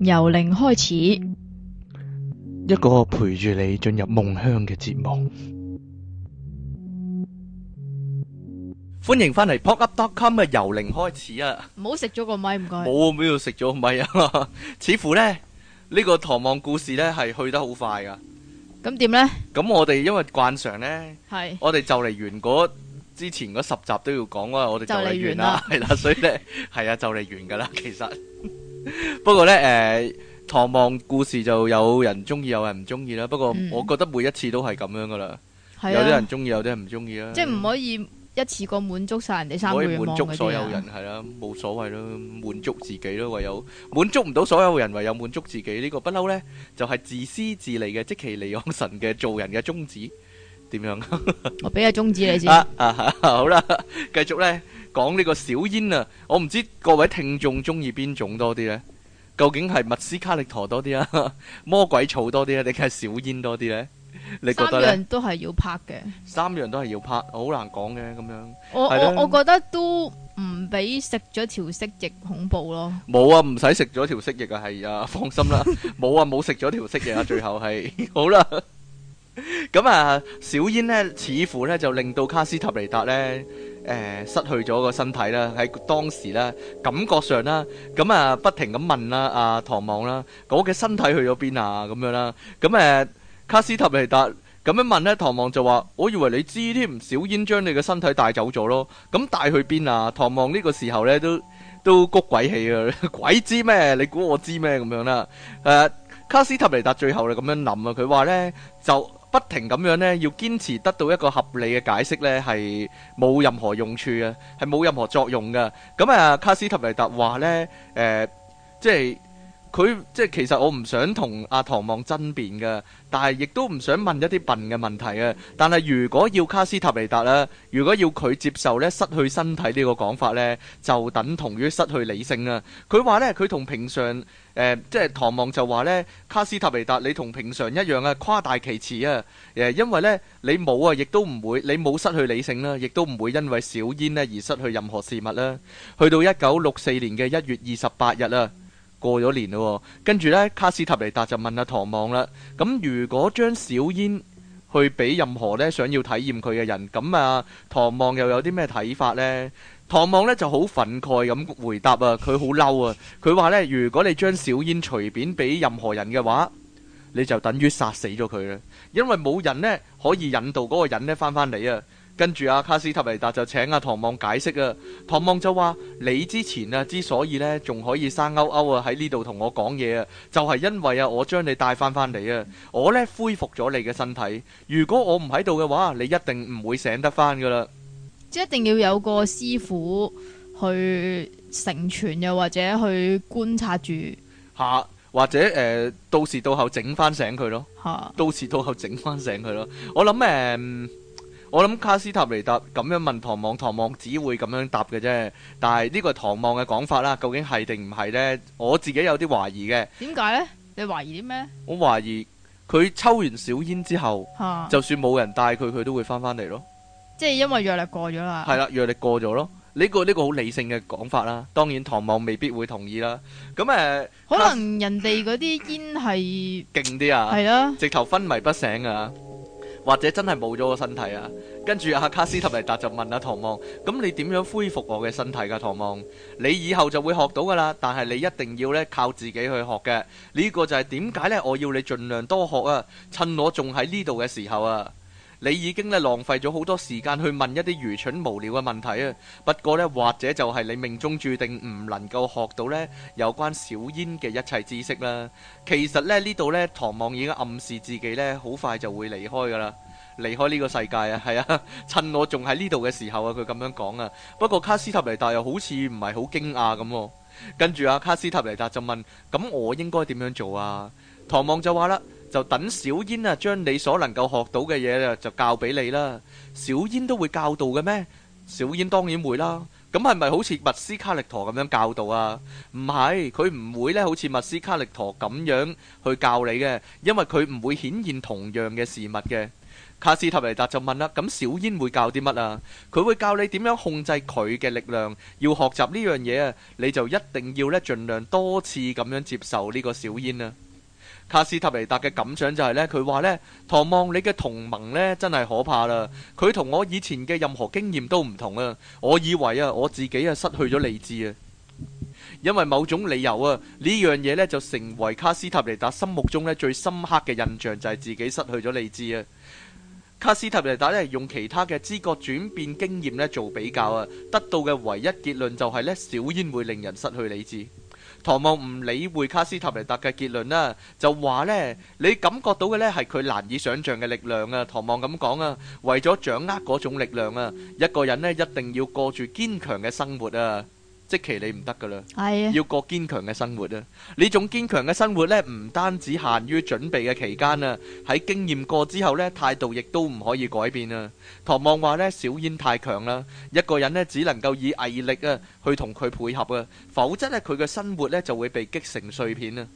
由零開始，一個陪住你進入夢鄉嘅節目，歡迎翻嚟。pop up dot com 嘅由零開始啊！唔好食咗個咪，唔該。冇，冇要食咗個咪啊！似乎咧呢個唐望故事咧係去得好快噶。咁點咧？咁我哋因為慣常咧，係我哋就嚟完嗰之前嗰十集都要講啊！我哋就嚟完啦，係啦，所以咧係啊，就嚟完噶啦，其實。 不過咧，誒，唐望故事就有人中意，有人唔中意啦。嗯、不過我覺得每一次都係咁樣噶啦、嗯，有啲人中意，有啲人唔中意啦。即係唔可以一次過滿足晒人哋三往往。可以滿足所有人係啦，冇所謂咯，滿足自己咯，唯有滿足唔到所有人，唯有滿足自己呢、呢個不嬲呢，就係、是、自私自利嘅，即其利岸神嘅做人嘅宗旨，點樣？ 我俾個宗旨你先。好啦，繼續呢。講呢個小煙啊，我唔知各位聽眾中意邊種多啲咧？究竟係密斯卡力陀多啲啊，魔鬼草多啲啊，定係小煙多啲咧？你覺得咧？三樣都係要拍嘅。三樣都係要拍，好難講嘅咁樣。我我我覺得都唔畀食咗條蜥蜴恐怖咯。冇啊，唔使食咗條蜥蜴啊，係啊，放心啦，冇啊，冇食咗條蜥蜴啊，最後係。好啦。咁啊，小煙咧，似乎咧就令到卡斯塔尼達咧。誒、呃，失去咗個身體啦，喺當時啦，感覺上啦，咁啊，不停咁問啦，阿唐望啦，我、那、嘅、個、身體去咗邊啊，咁樣啦，咁、啊、誒，卡斯塔尼達咁樣問咧，唐望就話，我以為你知添，小煙將你嘅身體帶走咗咯，咁帶去邊啊？唐望呢個時候咧都都谷鬼氣啊， 鬼知咩？你估我知咩？咁樣啦，誒、啊，卡斯塔尼達最後就咁樣諗啊，佢話咧就。不停咁樣呢，要堅持得到一個合理嘅解釋呢，係冇任何用處嘅，係冇任何作用嘅。咁啊，卡斯塔尼達話呢，誒、呃，即係。佢即係其實我唔想同阿、啊、唐望爭辯嘅，但係亦都唔想問一啲笨嘅問題啊。但係如果要卡斯塔尼達啦，如果要佢接受咧失去身體呢個講法呢，就等同於失去理性啊！佢話呢，佢同平常誒、呃，即係唐望就話呢，卡斯塔尼達你同平常一樣啊，誇大其詞啊！誒，因為呢，你冇啊，亦都唔會，你冇失去理性啦，亦都唔會因為小煙呢而失去任何事物啦。去到一九六四年嘅一月二十八日啦。過咗年咯、哦，跟住呢，卡斯塔尼達就問阿、啊、唐望啦。咁、嗯、如果將小煙去俾任何呢想要體驗佢嘅人，咁、嗯、啊唐望又有啲咩睇法呢？」唐望呢就好憤慨咁回答啊，佢好嬲啊！佢話呢，如果你將小煙隨便俾任何人嘅話，你就等於殺死咗佢啦，因為冇人呢可以引導嗰個人呢翻返嚟啊！回回跟住阿卡斯塔維達就請阿唐望解釋啊，唐望就話：你之前啊之所以咧仲可以生勾勾啊喺呢度同我講嘢啊，就係、是、因為啊我將你帶翻翻嚟啊，我咧恢復咗你嘅身體。如果我唔喺度嘅話，你一定唔會醒得翻㗎喇。即一定要有個師傅去成全又或者去觀察住。吓、啊，或者誒、呃，到時到後整翻醒佢咯。吓、啊，到時到後整翻醒佢咯。我諗誒。嗯我諗卡斯塔尼達咁樣問唐望，唐望只會咁樣答嘅啫。但係呢個係唐望嘅講法啦，究竟係定唔係呢？我自己有啲懷疑嘅。點解呢？你懷疑啲咩？我懷疑佢抽完小煙之後，啊、就算冇人帶佢，佢都會翻返嚟咯。即係因為藥力過咗啦。係啦，藥力過咗咯。呢個呢個好理性嘅講法啦。當然唐望未必會同意啦。咁誒，呃、可能人哋嗰啲煙係勁啲啊，係啊，直頭昏迷不醒啊。或者真係冇咗個身體啊，跟住阿卡斯特尼達就問阿、啊、唐望：咁你點樣恢復我嘅身體噶、啊？唐望，你以後就會學到噶啦，但係你一定要咧靠自己去學嘅呢、這個就係點解咧，我要你盡量多學啊，趁我仲喺呢度嘅時候啊。你已經咧浪費咗好多時間去問一啲愚蠢無聊嘅問題啊！不過呢，或者就係你命中注定唔能夠學到呢有關小煙嘅一切知識啦。其實咧呢度呢，唐望已經暗示自己呢，好快就會離開噶啦，離開呢個世界啊。係啊，趁我仲喺呢度嘅時候啊，佢咁樣講啊。不過卡斯塔尼達又好似唔係好驚訝咁啊。跟住啊，卡斯塔尼達就問：咁我應該點樣做啊？唐望就話啦。就等小煙啊，將你所能夠學到嘅嘢就教俾你啦。小煙都會教導嘅咩？小煙當然會啦。咁係咪好似麥斯卡力陀咁樣教導啊？唔係，佢唔會咧，好似麥斯卡力陀咁樣去教你嘅，因為佢唔會顯現同樣嘅事物嘅。卡斯提尼達就問啦：咁小煙會教啲乜啊？佢會教你點樣控制佢嘅力量。要學習呢樣嘢啊，你就一定要咧盡量多次咁樣接受呢個小煙啦。卡斯塔尼達嘅感想就係呢。佢話呢，唐望你嘅同盟呢，真係可怕啦。佢同我以前嘅任何經驗都唔同啊。我以為啊，我自己啊，失去咗理智啊。因為某種理由啊，呢樣嘢呢，就成為卡斯塔尼達心目中呢，最深刻嘅印象，就係自己失去咗理智啊。卡斯塔尼達呢，用其他嘅知覺轉變經驗呢做比較啊，得到嘅唯一結論就係呢，小煙會令人失去理智。唐望唔理會卡斯塔尼達嘅結論啦，就話咧，你感覺到嘅咧係佢難以想象嘅力量啊！唐望咁講啊，為咗掌握嗰種力量啊，一個人咧一定要過住堅強嘅生活啊！即期你唔得噶啦！ 要過堅強嘅生活啊！呢種堅強嘅生活呢，唔單止限於準備嘅期間啊，喺經驗過之後呢，態度亦都唔可以改變啊！唐望話呢，小煙太強啦，一個人呢，只能夠以毅力啊去同佢配合啊，否則呢，佢嘅生活呢，就會被擊成碎片啊！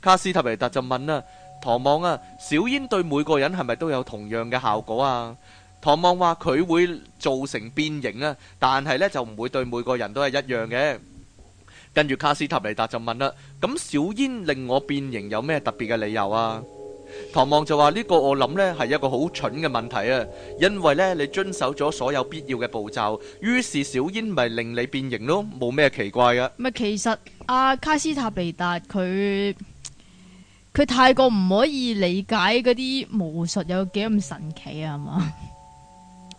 卡斯特維達就問啦，唐望啊，小煙對每個人係咪都有同樣嘅效果啊？唐望話佢會造成變形啊，但係呢就唔會對每個人都係一樣嘅。跟住卡斯塔尼達就問啦：咁小煙令我變形有咩特別嘅理由啊？唐望就話呢個我諗呢係一個好蠢嘅問題啊，因為呢你遵守咗所有必要嘅步驟，於是小煙咪令你變形咯，冇咩奇怪噶。咪其實阿卡斯塔尼達佢佢太過唔可以理解嗰啲巫術有幾咁神奇啊，係嘛？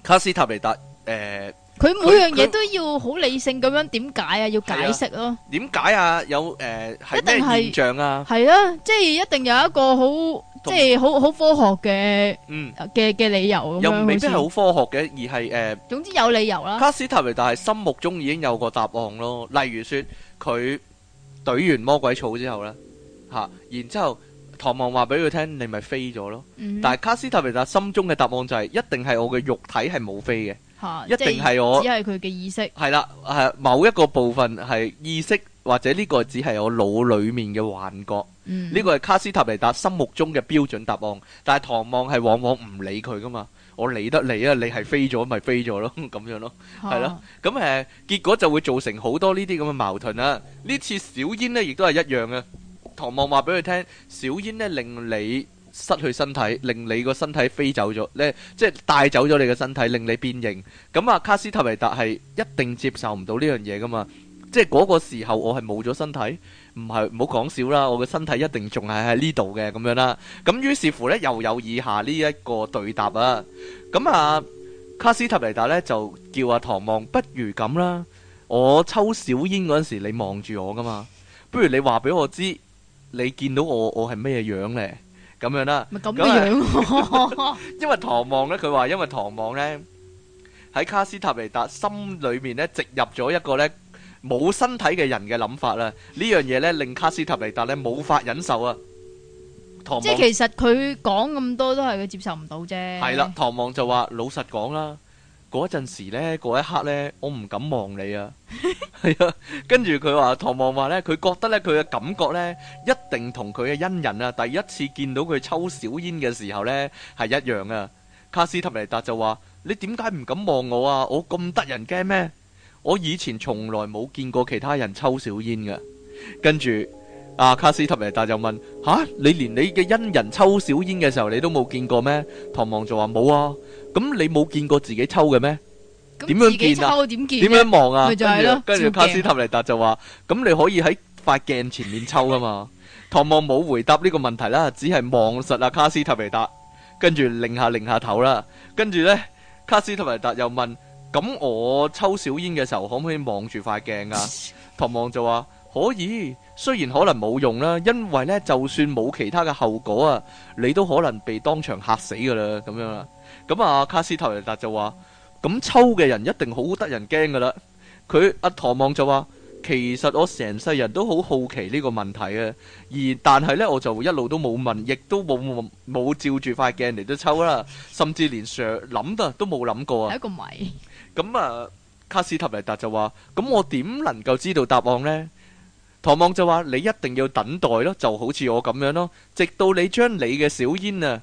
卡斯塔維達，誒，佢每樣嘢都要好理性咁樣，點解啊？要解釋咯？點解啊？有誒，係咩現象啊？係啦，即係一定有一個好，即係好好科學嘅，嗯，嘅嘅理由咁樣，又未必係好科學嘅，而係誒，總之有理由啦。卡斯塔維達係心目中已經有個答案咯，例如說佢懟完魔鬼草之後咧，吓，然之後。唐望話俾佢聽，你咪飛咗咯。嗯、但係卡斯塔尼達心中嘅答案就係、是，一定係我嘅肉體係冇飛嘅，啊、一定係我只係佢嘅意識。係啦，係某一個部分係意識，或者呢個只係我腦裏面嘅幻覺。呢、嗯、個係卡斯塔尼達心目中嘅標準答案。但係唐望係往往唔理佢噶嘛，我理得理你 啊，你係飛咗咪飛咗咯，咁樣咯，係咯。咁誒，結果就會造成好多呢啲咁嘅矛盾啦。呢次小煙呢，亦都係一樣嘅。唐望話俾佢聽，小煙咧令你失去身體，令你個身體飛走咗，咧即係帶走咗你嘅身體，令你變形。咁啊，卡斯塔維達係一定接受唔到呢樣嘢噶嘛，即係嗰個時候我係冇咗身體？唔係，唔好講笑啦，我嘅身體一定仲係喺呢度嘅，咁樣啦。咁於是乎咧，又有以下呢一個對答啊。咁啊，卡斯塔維達呢，就叫阿、啊、唐望，不如咁啦，我抽小煙嗰陣時，你望住我噶嘛？不如你話俾我知。你見到我，我係咩樣呢？咁樣啦，因為唐望呢，佢話因為唐望呢喺卡斯塔尼達心裏面呢植入咗一個呢冇身體嘅人嘅諗法啦，呢樣嘢呢令卡斯塔尼達呢冇法忍受啊。唐即係其實佢講咁多都係佢接受唔到啫。係啦，唐望就話老實講啦。嗰陣時咧，嗰一刻咧，我唔敢望你啊，係啊，跟住佢話唐望話咧，佢覺得咧，佢嘅感覺咧，一定同佢嘅恩人啊，第一次見到佢抽小煙嘅時候咧，係一樣啊。卡斯塔尼達就話：你點解唔敢望我啊？我咁得人驚咩？我以前從來冇見過其他人抽小煙嘅。跟住啊，卡斯塔尼達就問：吓，你連你嘅恩人抽小煙嘅時候，你都冇見過咩？唐望就話：冇啊。咁你冇見過自己抽嘅咩？點樣見啊？點樣望啊？啊啊跟住著，卡斯塔尼達就話：咁你可以喺塊鏡前面抽噶嘛？唐 望冇回答呢個問題啦，只係望實啊卡斯塔尼達。跟住擰下擰下頭啦。跟住呢，卡斯塔尼達又問：咁我抽小煙嘅時候可唔可以望住塊鏡啊？唐 望就話：可以，雖然可能冇用啦，因為呢，就算冇其他嘅後果啊，你都可能被當場嚇死噶啦，咁樣啦。咁啊，卡斯塔尼達就話，咁抽嘅人一定好得人驚噶啦！佢阿唐望就話，其實我成世人都好好奇呢個問題啊，而但係呢，我就一路都冇問，亦都冇冇照住塊鏡嚟都抽啦，甚至連想諗啊都冇諗過啊！係一個迷。咁啊，卡斯塔尼達就話，咁我點能夠知道答案呢？唐望就話，你一定要等待咯，就好似我咁樣咯，直到你將你嘅小煙啊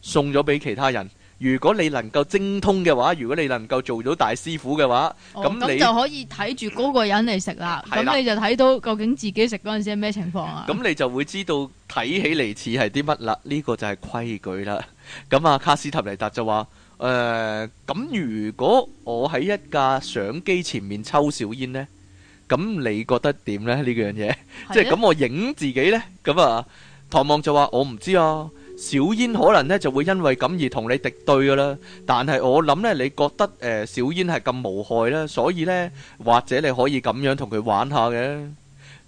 送咗俾其他人。如果你能夠精通嘅話，如果你能夠做到大師傅嘅話，咁、哦、你就可以睇住嗰個人嚟食啦。咁、嗯、你就睇到究竟自己食嗰陣時係咩情況啊？咁、嗯、你就會知道睇起嚟似係啲乜啦。呢個就係規矩啦。咁啊，卡斯塔尼達就話：誒、呃，咁如果我喺一架相機前面抽小煙呢，咁你覺得點呢？呢樣嘢即係咁，的我影自己呢。」咁啊，唐望就話：我唔知啊。小煙可能咧就會因為咁而同你敵對噶啦，但係我諗咧你覺得誒，小煙係咁無害啦，所以咧或者你可以咁樣同佢玩下嘅。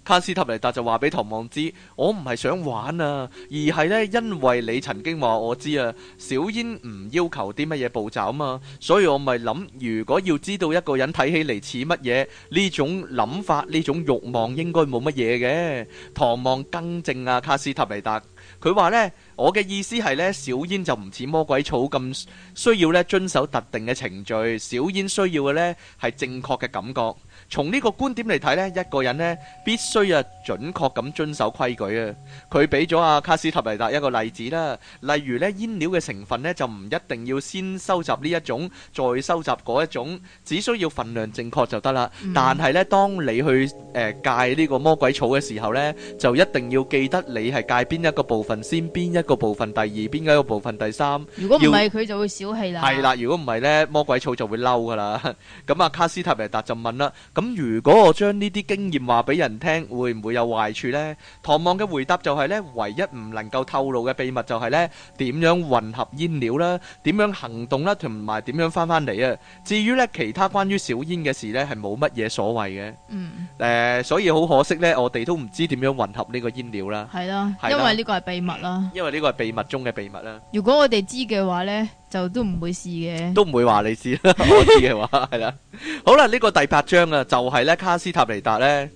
卡斯塔尼達就話俾唐望知，我唔係想玩啊，而係咧因為你曾經話我知啊，小煙唔要求啲乜嘢步驟啊嘛，所以我咪諗如果要知道一個人睇起嚟似乜嘢呢種諗法，呢種慾望應該冇乜嘢嘅。唐望更正啊，卡斯塔尼達。佢話咧，我嘅意思係咧，小煙就唔似魔鬼草咁需要咧遵守特定嘅程序，小煙需要嘅咧係正確嘅感覺。從呢個觀點嚟睇呢，一個人呢必須啊準確咁遵守規矩啊。佢俾咗阿卡斯塔維達一個例子啦，例如呢煙料嘅成分呢就唔一定要先收集呢一種，再收集嗰一種，只需要份量正確就得啦。但係呢，當你去誒戒呢個魔鬼草嘅時候呢，就一定要記得你係戒邊一個部分先，邊一個部分第二，邊一個部分第三。如果唔係，佢就會小氣啦。係啦，如果唔係呢魔鬼草就會嬲噶啦。咁阿卡斯塔維達就問啦。咁如果我將呢啲經驗話俾人聽，會唔會有壞處呢？唐望嘅回答就係呢，唯一唔能夠透露嘅秘密就係呢，點樣混合煙料啦，點樣行動啦，同埋點樣返返嚟啊。至於呢其他關於小煙嘅事呢，係冇乜嘢所謂嘅。嗯，誒，所以好可惜呢，我哋都唔知點樣混合呢個煙料啦。係啦，因為呢個係秘密啦。因為呢個係秘密中嘅秘密啦。如果我哋知嘅話呢，就都唔會試嘅，都唔會話你試啦，我知嘅話，係啦， 好啦，呢、這個第八章啊，就係、是、咧卡斯塔尼達咧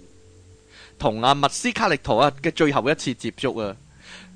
同阿麥斯卡力陀啊嘅最後一次接觸啊。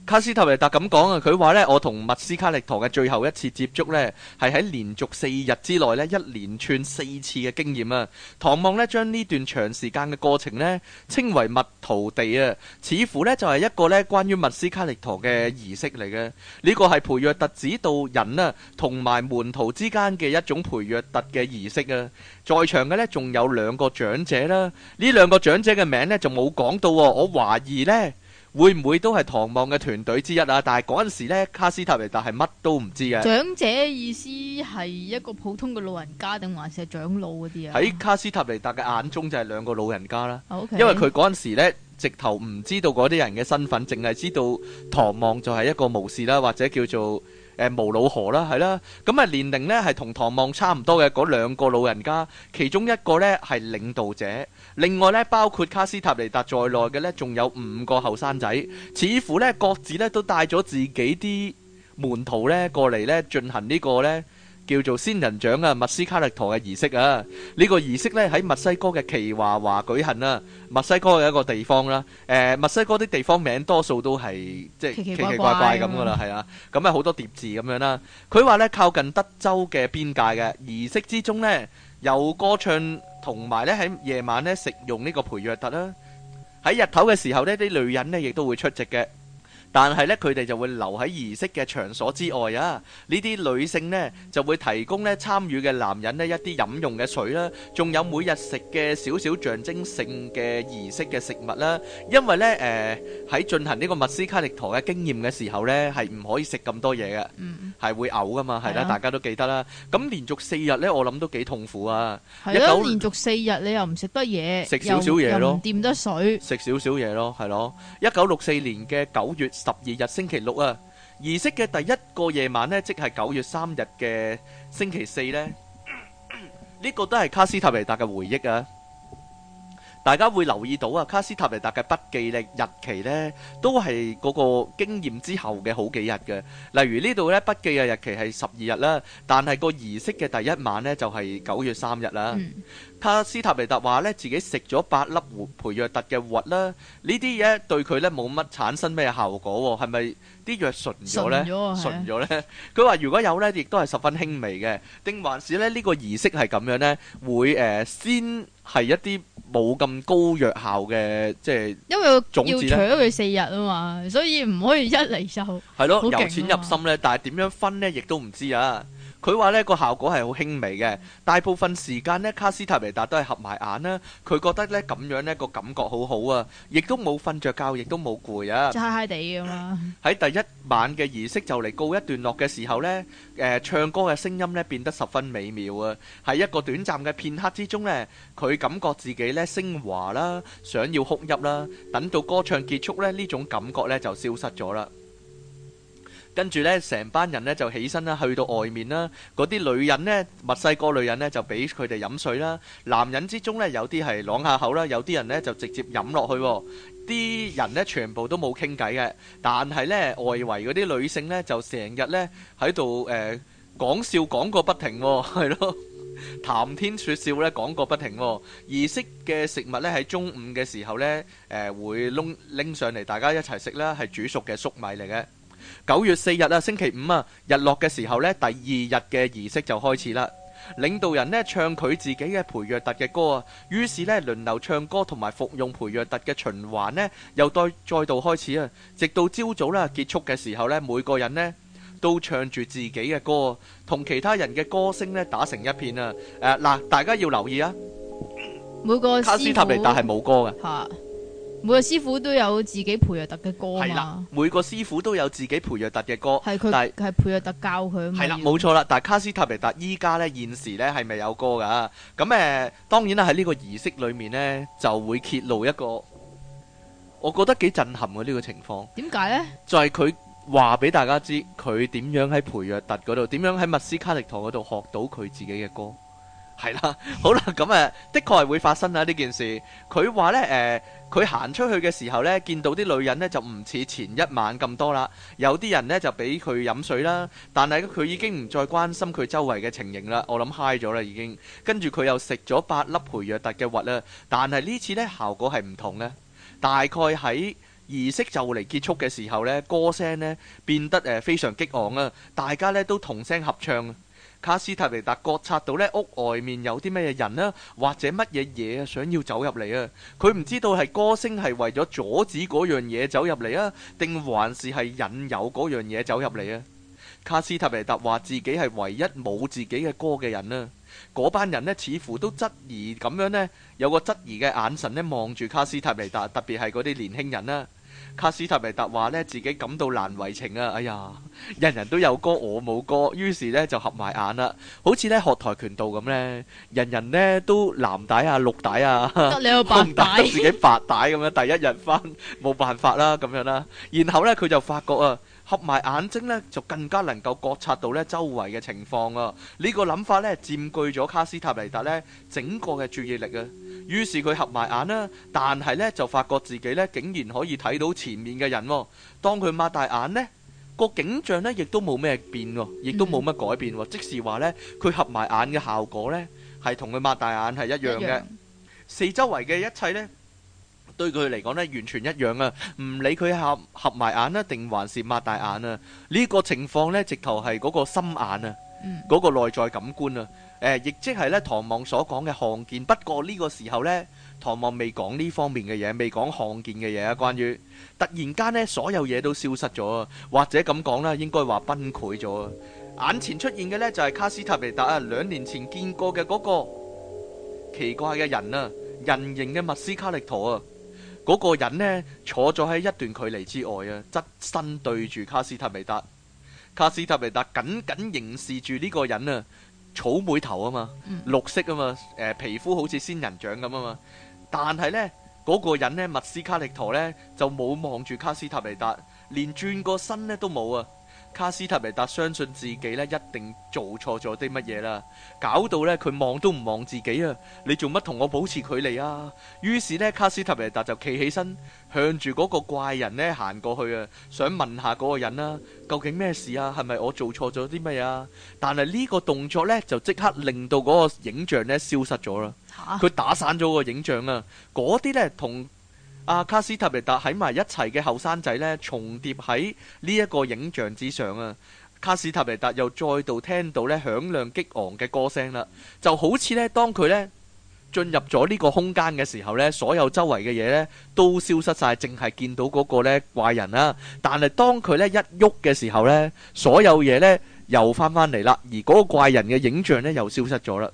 卡斯特維特咁講啊，佢話呢，我同密斯卡力陀嘅最後一次接觸呢，係喺連續四日之內呢一連串四次嘅經驗啊。唐望呢，將呢段長時間嘅過程呢，稱為密徒地啊，似乎呢，就係、是、一個呢關於密斯卡力陀嘅儀式嚟嘅。呢個係培約特指導人啊，同埋門徒之間嘅一種培約特嘅儀式啊。在場嘅呢，仲有兩個長者啦，啊，呢兩個長者嘅名呢，就冇講到，啊，我懷疑呢。會唔會都係唐望嘅團隊之一啊？但係嗰陣時咧，卡斯塔尼達係乜都唔知嘅。長者意思係一個普通嘅老人家，定還是係長老嗰啲啊？喺卡斯塔尼達嘅眼中就係兩個老人家啦。Okay. 因為佢嗰陣時咧，直頭唔知道嗰啲人嘅身份，淨係知道唐望就係一個巫士啦，或者叫做。誒、呃、毛老何啦，係啦、啊，咁啊年齡呢係同唐望差唔多嘅嗰兩個老人家，其中一個呢係領導者，另外呢，包括卡斯塔尼達在內嘅呢，仲有五個後生仔，似乎呢各自呢都帶咗自己啲門徒呢過嚟呢進行呢個呢，叫做仙人掌啊，麥斯卡力陀嘅儀式啊，呢、這個儀式呢，喺墨西哥嘅奇華華舉行啦、啊，墨西哥嘅一個地方啦、啊，誒、呃、墨西哥啲地方名多數都係即係奇奇怪怪咁噶啦，係啊，咁啊好多疊字咁樣啦、啊。佢話呢，靠近德州嘅邊界嘅儀式之中呢，有歌唱同埋呢喺夜晚呢食用呢個培約特啦、啊，喺日頭嘅時候呢，啲女人呢亦都會出席嘅。但係咧，佢哋就會留喺儀式嘅場所之外啊！呢啲女性咧就會提供咧參與嘅男人咧一啲飲用嘅水啦，仲有每日食嘅少少象徵性嘅儀式嘅食物啦。因為咧誒喺進行呢個麥斯卡力陀嘅經驗嘅時候咧，係唔可以食咁多嘢嘅，係會嘔噶嘛，係啦，大家都記得啦。咁連續四日咧，我諗都幾痛苦啊！係咯，連續四日你又唔食得嘢，食少少嘢咯，又唔掂得水，食少少嘢咯，係咯。一九六四年嘅九月十二日星期六啊，儀式嘅第一個夜晚呢，即係九月三日嘅星期四呢，呢個都係卡斯塔尼達嘅回憶啊。大家會留意到啊，卡斯塔尼達嘅筆記歷日期呢都係嗰個經驗之後嘅好幾日嘅。例如呢度呢，筆記嘅日期係十二日啦，但係個儀式嘅第一晚呢就係、是、九月三日啦。嗯、卡斯塔尼達話呢，自己食咗八粒培約特嘅核啦，呢啲嘢對佢呢冇乜產生咩效果喎？係咪？啲藥純咗咧，純咗咧。佢話 如果有咧，亦都係十分輕微嘅。定還是咧呢個儀式係咁樣咧，會誒、呃、先係一啲冇咁高藥效嘅，即係因為總要除咗佢四日啊嘛，所以唔可以一嚟就。係 咯，由淺入深咧？但係點樣分咧，亦都唔知啊。佢話咧個效果係好輕微嘅，大部分時間咧卡斯塔尼達都係合埋眼啦。佢覺得咧咁樣咧個感覺好好啊，亦都冇瞓著覺，亦都冇攰啊。就嗨嗨地咁啦。喺第一晚嘅儀式就嚟告一段落嘅時候咧，誒唱歌嘅聲音咧變得十分美妙啊！喺一個短暫嘅片刻之中咧，佢感覺自己咧昇華啦，想要哭泣啦。等到歌唱結束咧，呢種感覺咧就消失咗啦。跟住咧，成班人咧就起身啦，去到外面啦。嗰啲女人咧，墨西哥女人咧就俾佢哋飲水啦。男人之中咧，有啲係啷下口啦，有啲人咧就直接飲落去。啲人咧全部都冇傾偈嘅，但係咧，外圍嗰啲女性咧就成日咧喺度誒講笑講過不停，係咯，談天説笑咧講過不停。儀式嘅食物咧喺中午嘅時候咧誒會拎拎上嚟，大家一齊食啦。係煮熟嘅粟米嚟嘅。九月四日啊，星期五啊，日落嘅時候咧，第二日嘅儀式就開始啦。領導人咧唱佢自己嘅培約特嘅歌啊，於是咧輪流唱歌同埋服用培約特嘅循環咧，又再再度開始啊。直到朝早啦結束嘅時候咧，每個人咧都唱住自己嘅歌，同其他人嘅歌聲咧打成一片啊。誒嗱，大家要留意啊，每個卡斯塔尼達係冇歌嘅。每個師傅都有自己培約特嘅歌嘛。係啦，每個師傅都有自己培約特嘅歌。係佢係培約特教佢啊啦，冇了錯啦。但係卡斯塔尼達依家咧，現時咧係咪有歌㗎？咁誒、呃，當然啦，喺呢個儀式裡面咧就會揭露一個，我覺得幾震撼嘅呢、呢個情況。點解咧？就係佢話俾大家知佢點樣喺培約特嗰度，點樣喺密斯卡力陀嗰度學到佢自己嘅歌。係啦，好啦，咁 啊樂，的確係會發生啊呢件事。佢話呢，誒、呃，佢行出去嘅時候呢，見到啲女人呢，就唔似前一晚咁多啦。有啲人呢，就俾佢飲水啦，但係佢已經唔再關心佢周圍嘅情形啦。我諗嗨咗啦已經了了。跟住佢又食咗八粒培若特嘅核啦，但係呢次呢，效果係唔同呢。大概喺儀式就嚟結束嘅時候呢，歌聲呢，變得誒非常激昂啊！大家呢，都同聲合唱。卡斯塔尼達覺察到咧屋外面有啲咩人啦，或者乜嘢嘢啊，想要走入嚟啊。佢唔知道係歌聲係為咗阻止嗰樣嘢走入嚟啊，定還是係引誘嗰樣嘢走入嚟啊？卡斯塔尼達話自己係唯一冇自己嘅歌嘅人啦。嗰班人呢，似乎都質疑咁樣呢，有個質疑嘅眼神呢，望住卡斯塔尼達，特別係嗰啲年輕人啦。卡斯塔尼達話咧，自己感到難為情啊！哎呀，人人都有歌，我冇歌，於是咧就合埋眼啦，好似咧學跆拳道咁咧，人人咧都藍帶啊、綠帶啊，得、嗯、你有白帶，自己白帶咁樣，第一日翻冇辦法啦咁樣啦。然後咧佢就發覺啊，合埋眼睛咧就更加能夠覺察到咧周圍嘅情況啊！這個、呢個諗法咧佔據咗卡斯塔尼達咧整個嘅注意力啊！於是佢合埋眼啦，但係咧就發覺自己咧竟然可以睇到前面嘅人。當佢擘大眼咧，個景象咧亦都冇咩變，亦都冇乜改變。即係話咧，佢合埋眼嘅效果咧係同佢擘大眼係一樣嘅。四周圍嘅一切咧，對佢嚟講咧完全一樣啊！唔理佢合合埋眼啊，定還是擘大眼啊？呢個情況咧，直頭係嗰個心眼啊！嗰個內在感官啊，誒，亦即係咧，唐望所講嘅看見。不過呢個時候呢，唐望未講呢方面嘅嘢，未講看見嘅嘢啊。關於突然間呢，所有嘢都消失咗，或者咁講啦，應該話崩潰咗。眼前出現嘅呢，就係、是、卡斯塔維達啊，兩年前見過嘅嗰個奇怪嘅人啊，人形嘅麥斯卡力陀啊，嗰、那個人呢，坐咗喺一段距離之外啊，側身對住卡斯塔維達。卡斯塔尼達緊緊凝視住呢個人啊，草莓頭啊嘛，綠色啊嘛，誒、呃、皮膚好似仙人掌咁啊嘛，但係呢，嗰、那個人呢，麥斯卡力陀呢，就冇望住卡斯塔尼達，連轉個身呢都冇啊！卡斯特爾達相信自己咧，一定做錯咗啲乜嘢啦，搞到咧佢望都唔望自己啊！你做乜同我保持距離啊？於是咧，卡斯特爾達就企起身，向住嗰個怪人咧行過去啊，想問下嗰個人啦，「究竟咩事啊？係咪我做錯咗啲乜啊？」但係呢個動作咧，就即刻令到嗰個影像咧消失咗啦，佢打散咗個影像啊！嗰啲咧同。阿、啊、卡斯塔尼達喺埋一齊嘅後生仔咧，重疊喺呢一個影像之上啊！卡斯塔尼達又再度聽到咧響亮激昂嘅歌聲啦，就好似咧當佢咧進入咗呢個空間嘅時候咧，所有周圍嘅嘢咧都消失晒，淨係見到嗰個咧怪人啦、啊。但係當佢咧一喐嘅時候咧，所有嘢咧又翻返嚟啦，而嗰個怪人嘅影像咧又消失咗啦。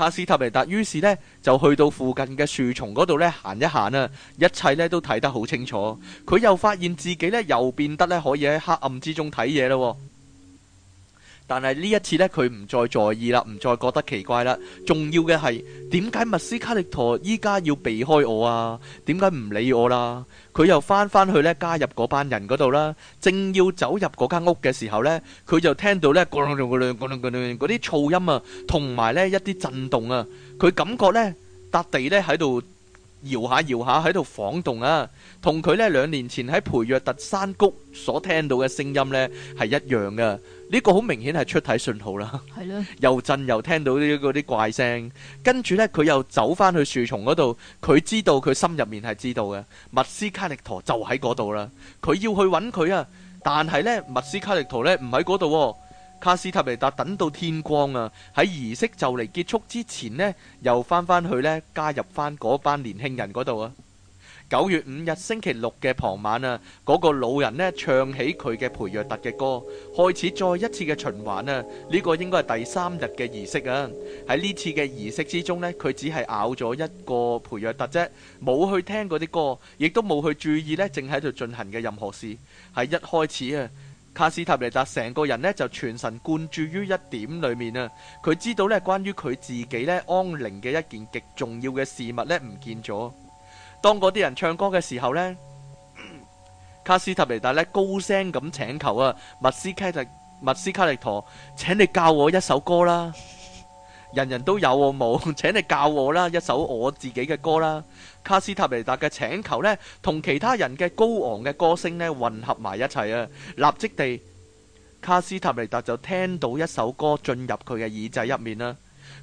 卡斯塔尼達，於是呢，就去到附近嘅樹叢嗰度呢，行一行啊，一切呢都睇得好清楚。佢又發現自己呢又變得咧可以喺黑暗之中睇嘢咯。但係呢一次呢佢唔再在意啦，唔再覺得奇怪啦。重要嘅係點解麥斯卡力陀依家要避開我啊？點解唔理我啦？佢又翻翻去咧，加入嗰班人嗰度啦。正要走入嗰間屋嘅時候呢，佢就聽到呢嗰啲噪音啊，同埋呢一啲震動啊。佢感覺呢，笪地呢喺度，搖下搖下喺度晃動啊，同佢咧兩年前喺培約特山谷所聽到嘅聲音咧係一樣嘅，呢個好明顯係出體信號啦。係咯，又震又聽到啲嗰啲怪聲，跟住咧佢又走翻去樹叢嗰度，佢知道佢心入面係知道嘅，密斯卡力陀就喺嗰度啦，佢要去揾佢啊，但係咧密斯卡力陀咧唔喺嗰度。卡斯塔尼達等到天光啊，喺儀式就嚟結束之前呢，又翻返去呢，加入翻嗰班年輕人嗰度啊。九月五日星期六嘅傍晚啊，嗰個老人呢，唱起佢嘅培若特嘅歌，開始再一次嘅循環啊。呢個應該係第三日嘅儀式啊。喺呢次嘅儀式之中呢，佢只係咬咗一個培若特啫，冇去聽嗰啲歌，亦都冇去注意呢，正喺度進行嘅任何事。喺一開始啊。卡斯塔尼達成個人咧就全神貫注於一點裏面啊！佢知道咧關於佢自己咧安寧嘅一件極重要嘅事物咧唔見咗。當嗰啲人唱歌嘅時候呢卡斯塔尼達咧高聲咁請求啊，麥斯卡麥斯卡力陀，請你教我一首歌啦！人人都有我冇請你教我啦，一首我自己嘅歌啦。卡斯塔尼達嘅請求呢，同其他人嘅高昂嘅歌聲呢混合埋一齊啊！立即地，卡斯塔尼達就聽到一首歌進入佢嘅耳仔入面啦。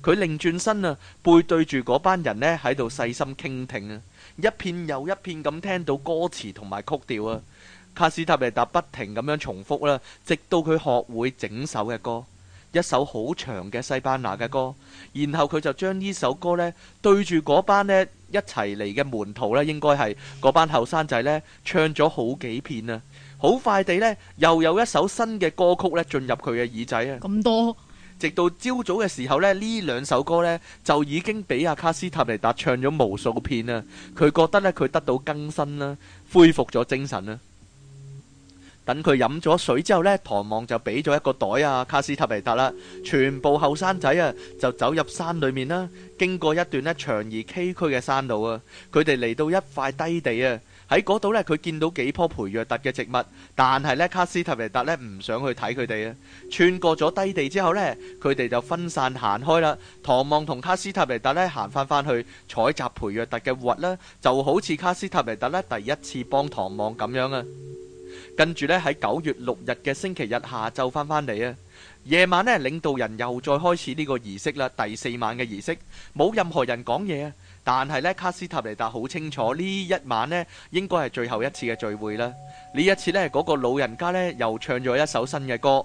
佢擰轉身啊，背對住嗰班人呢喺度細心傾聽啊，一遍又一遍咁聽到歌詞同埋曲調啊。卡斯塔尼達不停咁樣重複啦，直到佢學會整首嘅歌。一首好長嘅西班牙嘅歌，然後佢就將呢首歌咧，對住嗰班咧，一齊嚟嘅門徒咧，應該係嗰班後生仔咧唱咗好幾遍啊！好快地咧又有一首新嘅歌曲咧進入佢嘅耳仔啊！咁多，直到朝早嘅時候咧，呢兩首歌咧，就已經俾阿卡斯塔尼達唱咗無數遍啦。佢覺得咧，佢得到更新啦，恢復咗精神啦。等佢飲咗水之後呢唐望就俾咗一個袋啊，卡斯塔尼達啦。全部後生仔啊，就走入山裡面啦。經過一段呢長而崎嶇嘅山路啊，佢哋嚟到一塊低地啊。喺嗰度呢，佢見到幾棵培若特嘅植物，但係呢，卡斯塔尼達呢唔想去睇佢哋啊。穿過咗低地之後呢，佢哋就分散行開啦。唐望同卡斯塔尼達呢行翻翻去採集培若特嘅核啦，就好似卡斯塔尼達呢第一次幫唐望咁樣啊。跟住咧喺九月六日嘅星期日下晝翻返嚟啊，夜晚咧領導人又再開始呢個儀式啦，第四晚嘅儀式冇任何人講嘢啊，但係咧卡斯塔尼達好清楚呢一晚咧應該係最後一次嘅聚會啦，呢一次咧嗰個老人家咧又唱咗一首新嘅歌。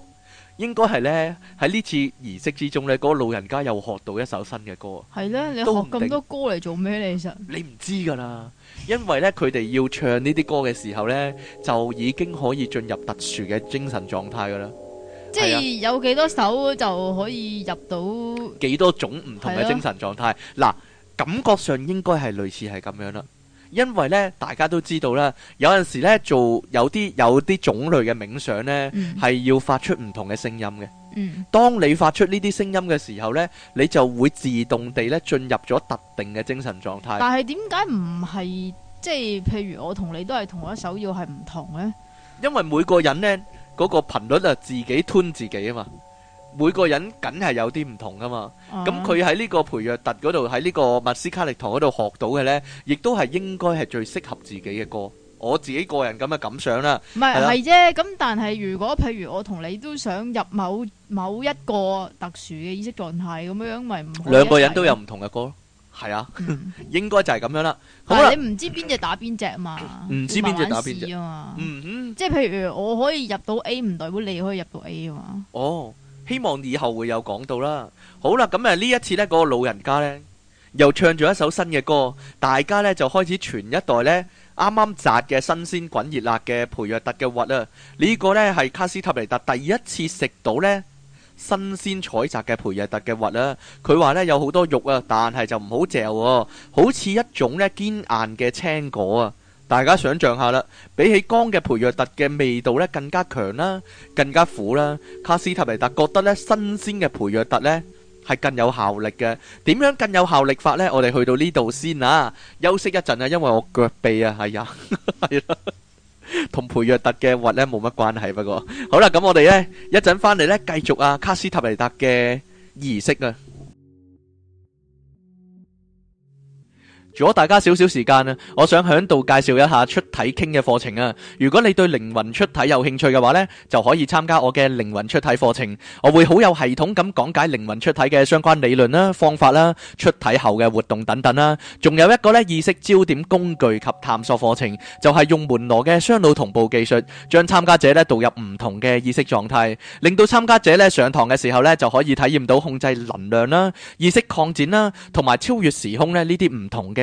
應該係呢，喺呢次儀式之中呢，嗰個老人家又學到一首新嘅歌。係呢，你學咁多歌嚟做咩呢？其實你唔知噶啦， 因為呢，佢哋要唱呢啲歌嘅時候呢，就已經可以進入特殊嘅精神狀態噶啦。即係有幾多首就可以入到幾多種唔同嘅精神狀態。嗱的，感覺上應該係類似係咁樣啦。因為咧，大家都知道啦，有陣時咧做有啲有啲種類嘅冥想咧，係、嗯、要發出唔同嘅聲音嘅。嗯、當你發出呢啲聲音嘅時候咧，你就會自動地咧進入咗特定嘅精神狀態。但係點解唔係即係譬如我同你都係同一首要係唔同咧？因為每個人咧嗰個頻率啊，自己吞自己啊嘛。每個人梗係有啲唔同噶嘛，咁佢喺呢個培若特嗰度，喺呢個麥斯卡力陀嗰度學到嘅呢，亦都係應該係最適合自己嘅歌。我自己個人咁嘅感想啦，唔係係啫。咁但係如果譬如我同你都想入某某一個特殊嘅意識狀態咁樣，咪兩個人都有唔同嘅歌，係啊，應該就係咁樣啦。但係你唔知邊隻打邊隻嘛，唔知邊隻打邊隻啊嘛，嗯哼，即係譬如我可以入到 A 唔代表你可以入到 A 啊嘛，哦。希望以後會有講到啦。好啦，咁啊呢一次呢嗰個老人家呢，又唱咗一首新嘅歌，大家呢，就開始傳一代呢啱啱摘嘅新鮮滾熱辣嘅培約特嘅核啦、啊。呢、這個呢，係卡斯塔尼特第一次食到呢新鮮採摘嘅培約特嘅核啦、啊。佢話呢，有好多肉啊，但係就唔好嚼喎、啊，好似一種咧堅硬嘅青果啊。大家想象下啦，比起乾嘅培若特嘅味道咧，更加強啦，更加苦啦。卡斯塔尼達覺得咧新鮮嘅培若特咧係更有效力嘅。點樣更有效力法咧？我哋去到呢度先啊，休息一陣啊，因為我腳痹啊，係啊，係啦，同培若特嘅核咧冇乜關係。不過好啦，咁我哋咧一陣翻嚟咧，繼續啊卡斯塔尼達嘅儀式啊。阻大家少少時間啊，我想喺度介紹一下出體傾嘅課程啊。如果你對靈魂出體有興趣嘅話咧，就可以參加我嘅靈魂出體課程。我會好有系統咁講解靈魂出體嘅相關理論啦、方法啦、出體後嘅活動等等啦。仲有一個咧意識焦點工具及探索課程，就係用門羅嘅雙腦同步技術，將參加者咧導入唔同嘅意識狀態，令到參加者咧上堂嘅時候咧就可以體驗到控制能量啦、意識擴展啦，同埋超越時空咧呢啲唔同嘅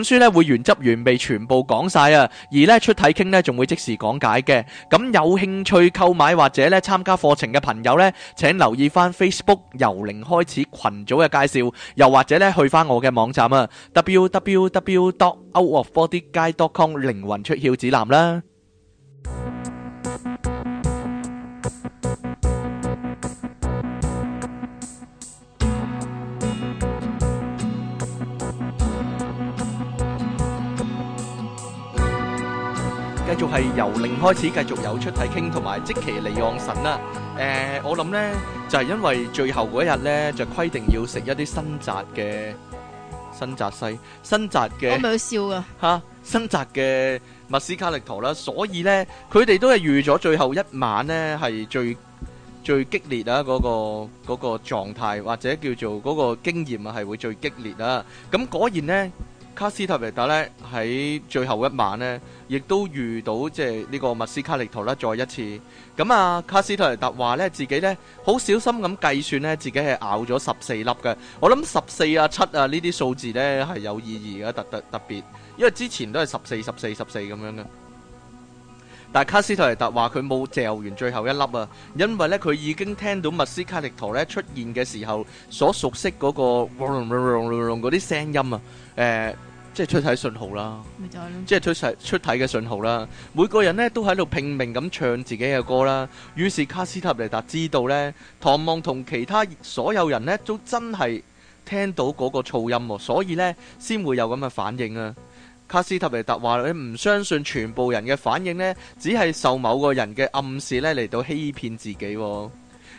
本書咧會原汁原味全部講晒啊，而咧出體傾咧仲會即時講解嘅。咁有興趣購買或者咧參加課程嘅朋友咧，請留意翻 Facebook 由零開始群組嘅介紹，又或者咧去翻我嘅網站啊 www.outofbodyguide.com 靈魂出竅指南啦。就係由零開始，繼續有出係傾，同埋即期嚟望神啦。誒，我諗咧就係因為最後嗰日咧就規定要食一啲新澤嘅新澤西，新澤嘅我咪去笑噶吓，新澤嘅麥斯卡力陀啦，所以咧佢哋都係預咗最後一晚咧係最最激烈啦，嗰個嗰個狀態或者叫做嗰個經驗啊係會最激烈啦。咁果然咧，卡斯塔維達咧喺最後一晚咧。亦都遇到即係呢個麥斯卡力陀啦，再一次。咁啊，卡斯特尼特話呢自己呢好小心咁計算呢，自己係咬咗十四粒嘅。我諗十四啊七啊呢啲數字呢係有意義嘅，特，特別，因為之前都係十四十四十四咁樣嘅。但係卡斯特尼特話佢冇嚼完最後一粒啊，因為呢佢已經聽到麥斯卡力陀呢出現嘅時候所熟悉嗰個嗰啲聲音啊，誒。即係出體信號啦，即係出出體嘅信號啦。每個人呢都喺度拼命咁唱自己嘅歌啦。於是卡斯塔尼達知道呢，唐望同其他所有人呢都真係聽到嗰個噪音喎，所以呢先會有咁嘅反應啊。卡斯塔尼達話你唔相信全部人嘅反應呢，只係受某個人嘅暗示呢嚟到欺騙自己喎。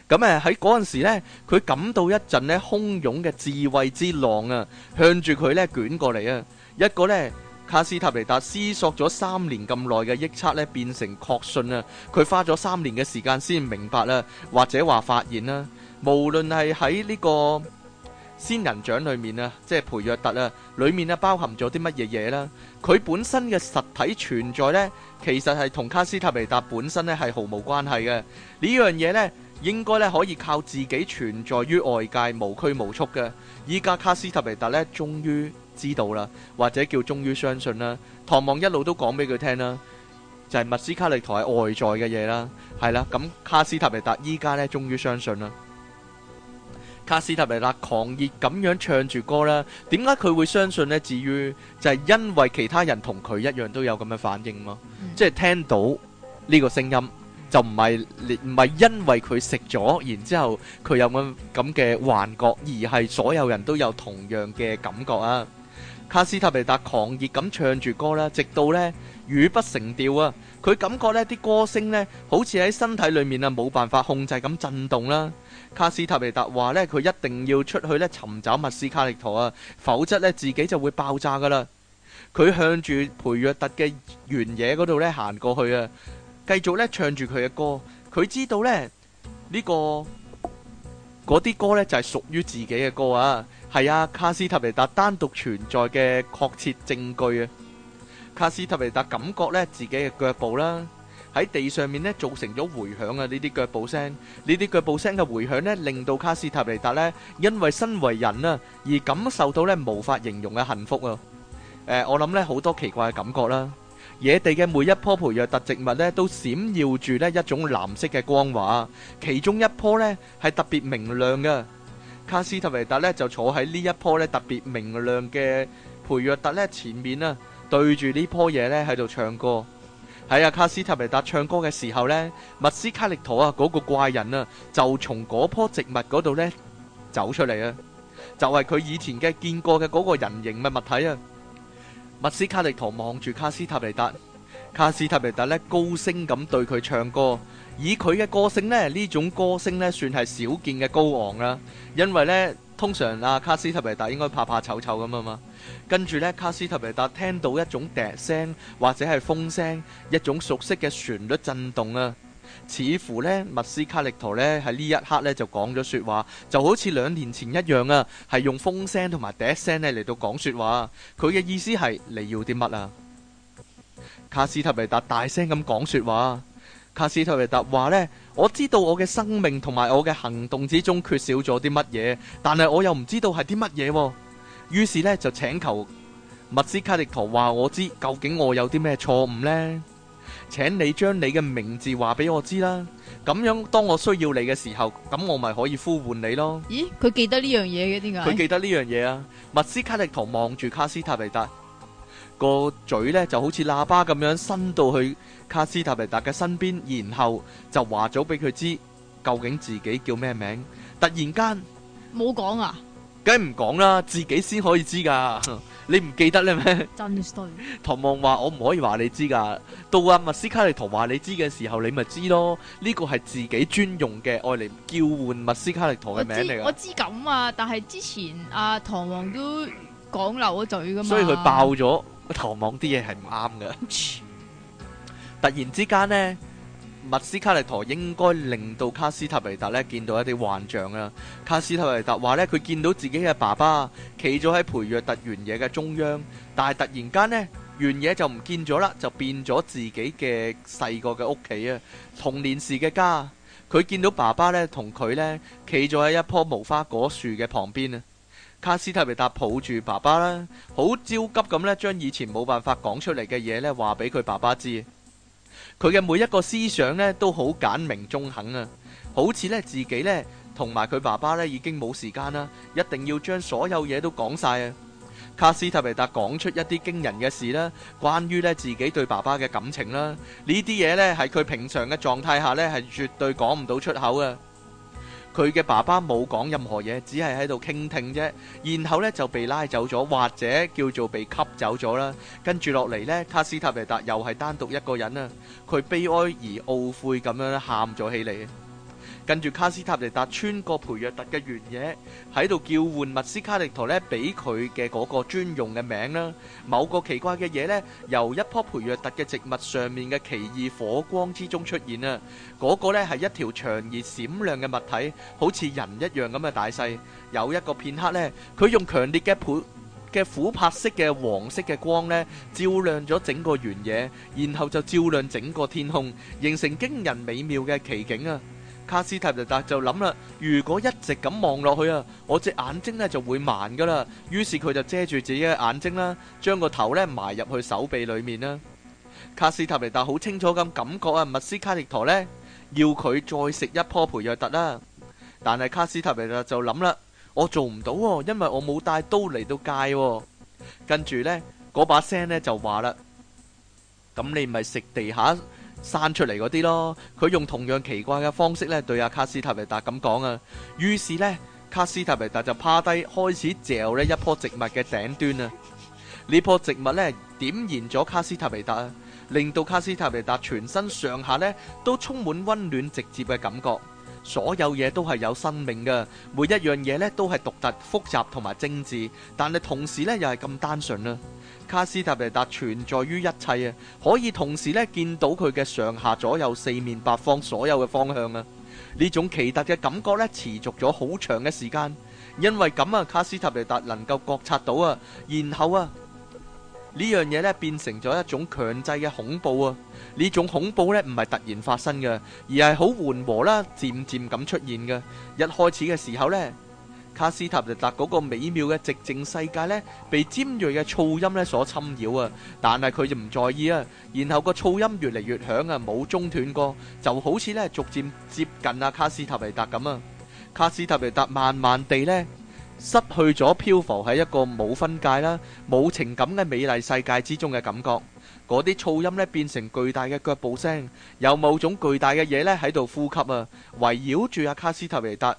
咁誒喺嗰陣時呢，佢感到一陣呢洶湧嘅智慧之浪啊，向住佢呢捲過嚟啊！一個呢卡斯塔尼達思索咗三年咁耐嘅臆測咧，變成確信啊！佢花咗三年嘅時間先明白啦，或者話發現啦。無論係喺呢個仙人掌裏面啊，即係培約特啊，裏面咧包含咗啲乜嘢嘢啦？佢本身嘅實體存在呢，其實係同卡斯塔尼達本身咧係毫無關係嘅。呢樣嘢呢應該咧可以靠自己存在於外界，無拘無束嘅。依家卡斯塔尼達呢，終於。知道啦，或者叫終於相信啦。唐望一路都講俾佢聽啦，就係麥斯卡力陀係外在嘅嘢啦，係啦。咁卡斯塔尼達依家呢終於相信啦。卡斯塔尼達狂熱咁樣唱住歌啦。點解佢會相信呢？至於就係因為其他人同佢一樣都有咁嘅反應嘛？即係聽到呢個聲音就唔係唔係因為佢食咗，然之後佢有咁咁嘅幻覺，而係所有人都有同樣嘅感覺啊？卡斯塔維達狂熱咁唱住歌啦，直到咧語不成調啊！佢感覺咧啲歌聲咧好似喺身體裏面啊，冇辦法控制咁震動啦。卡斯塔維達話咧，佢一定要出去咧尋找麥斯卡力陀啊，否則咧自己就會爆炸噶啦。佢向住培約特嘅原野嗰度咧行過去啊，繼續咧唱住佢嘅歌。佢知道咧呢個嗰啲歌咧就係屬於自己嘅歌啊！係啊，卡斯塔尼達單獨存在嘅確切證據啊！卡斯塔尼達感覺咧自己嘅腳步啦，喺地上面咧造成咗回響啊！呢啲腳步聲，呢啲腳步聲嘅回響咧，令到卡斯塔尼達咧，因為身為人啊，而感受到咧無法形容嘅幸福啊！誒，我諗咧好多奇怪嘅感覺啦！野地嘅每一棵培若特植物咧，都閃耀住咧一種藍色嘅光華，其中一棵咧係特別明亮嘅。卡斯特維達咧就坐喺呢一棵咧特別明亮嘅培約特咧前面啊，對住呢棵嘢咧喺度唱歌。喺啊，卡斯特維達唱歌嘅時候咧，麥斯卡力陀啊嗰個怪人啊就從嗰棵植物嗰度咧走出嚟啊，就係、是、佢以前嘅見過嘅嗰個人形嘅物體啊。麥斯卡力陀望住卡斯特維達，卡斯特維達咧高聲咁對佢唱歌。以佢嘅歌聲呢，呢種歌聲咧算係少見嘅高昂啦。因為呢，通常阿、啊、卡斯特維達應該怕怕醜醜咁啊嘛。跟住呢，卡斯特維達聽到一種笛聲或者係風聲，一種熟悉嘅旋律震動啊。似乎呢，麥斯卡力陀呢喺呢一刻呢就講咗説話，就好似兩年前一樣啊，係用風聲同埋笛聲咧嚟到講説話。佢嘅意思係你要啲乜啊？卡斯特維達大聲咁講説話。卡斯塔尼達話呢，我知道我嘅生命同埋我嘅行動之中缺少咗啲乜嘢，但係我又唔知道係啲乜嘢。於是呢，就請求麥斯卡力陀話我知究竟我有啲咩錯誤呢？請你將你嘅名字話俾我知啦。咁樣當我需要你嘅時候，咁我咪可以呼喚你咯。咦？佢記得呢樣嘢嘅，點解？佢記得呢樣嘢啊！麥斯卡力陀望住卡斯塔尼達個嘴呢就好似喇叭咁樣伸到去卡斯塔尼達嘅身邊，然後就話咗俾佢知究竟自己叫咩名。突然間冇講啊，梗係唔講啦，自己先可以知噶。 你唔記得咧咩？真衰。唐 望話我唔可以話你知噶，到阿麥斯卡力陀話你知嘅時候，你咪知咯。呢個係自己專用嘅愛嚟叫喚麥斯卡力陀嘅名嚟。我知咁啊，但係之前阿、啊、唐望都講漏咗嘴噶嘛。所以佢爆咗，唐望啲嘢係唔啱㗎。 突然之間呢，麥斯卡力陀應該令到卡斯塔維達呢見到一啲幻象啦。卡斯塔維達話呢，佢見到自己嘅爸爸企咗喺培約特原野嘅中央，但係突然間呢，原野就唔見咗啦，就變咗自己嘅細個嘅屋企啊，童年時嘅家。佢見到爸爸呢同佢呢企咗喺一棵無花果樹嘅旁邊啊。卡斯塔維達抱住爸爸啦，好焦急咁呢將以前冇辦法講出嚟嘅嘢呢話俾佢爸爸知。佢嘅每一個思想咧都好簡明中肯啊，好似咧自己咧同埋佢爸爸咧已經冇時間啦，一定要將所有嘢都講晒啊。卡斯特維達講出一啲驚人嘅事啦，關於咧自己對爸爸嘅感情啦，呢啲嘢咧喺佢平常嘅狀態下咧係絕對講唔到出口嘅。佢嘅爸爸冇講任何嘢，只係喺度傾聽啫。然後咧就被拉走咗，或者叫做被吸走咗啦。跟住落嚟咧，卡斯塔維達又係單獨一個人啊。佢悲哀而懊悔咁樣喊咗起嚟。跟住卡斯塔尼達穿過培若特嘅原野，喺度叫喚麥斯卡力陀咧，俾佢嘅嗰個專用嘅名啦。某個奇怪嘅嘢咧，由一棵培若特嘅植物上面嘅奇異火光之中出現啊！嗰個咧係一條長而閃亮嘅物體，好似人一樣咁嘅大細。有一個片刻咧，佢用強烈嘅判嘅琥珀色嘅黃色嘅光咧，照亮咗整個原野，然後就照亮整個天空，形成驚人美妙嘅奇景啊！卡斯塔尼達就諗啦，如果一直咁望落去啊，我隻眼睛呢就會盲噶啦。於是佢就遮住自己嘅眼睛啦，將個頭呢埋入去手臂裏面啦。卡斯塔尼達好清楚咁感覺啊，麥斯卡力陀呢要佢再食一顆培若特啦。但係卡斯塔尼達就諗啦，我做唔到，因為我冇帶刀嚟到街。跟住呢，嗰把聲呢就話啦，咁你咪食地下。生出嚟嗰啲咯，佢用同樣奇怪嘅方式咧對阿卡斯塔維達咁講啊，於是呢，卡斯塔維達就趴低開始嚼呢一棵植物嘅頂端啊，呢棵植物咧點燃咗卡斯塔維達啊，令到卡斯塔維達全身上下咧都充滿溫暖直接嘅感覺，所有嘢都係有生命嘅，每一樣嘢咧都係獨特複雜同埋精緻，但係同時咧又係咁單純啊。卡斯塔尼達存在於一切啊，可以同時咧見到佢嘅上下左右四面八方所有嘅方向啊。呢種奇特嘅感覺咧持續咗好長嘅時間，因為咁啊，卡斯塔尼達能夠覺察到啊。然後啊，樣呢樣嘢咧變成咗一種強制嘅恐怖啊。呢種恐怖咧唔係突然發生嘅，而係好緩和啦，漸漸咁出現嘅。一開始嘅時候咧。卡斯塔尼達嗰個美妙嘅寂靜世界咧，被尖鋭嘅噪音咧所侵擾啊！但係佢就唔在意啊。然後個噪音越嚟越響啊，冇中斷過，就好似咧逐漸接近阿卡斯塔尼達咁啊。卡斯塔尼達慢慢地咧，失去咗漂浮喺一個冇分界啦、冇情感嘅美麗世界之中嘅感覺。嗰啲噪音咧變成巨大嘅腳步聲，有某種巨大嘅嘢咧喺度呼吸啊，圍繞住阿卡斯塔尼達。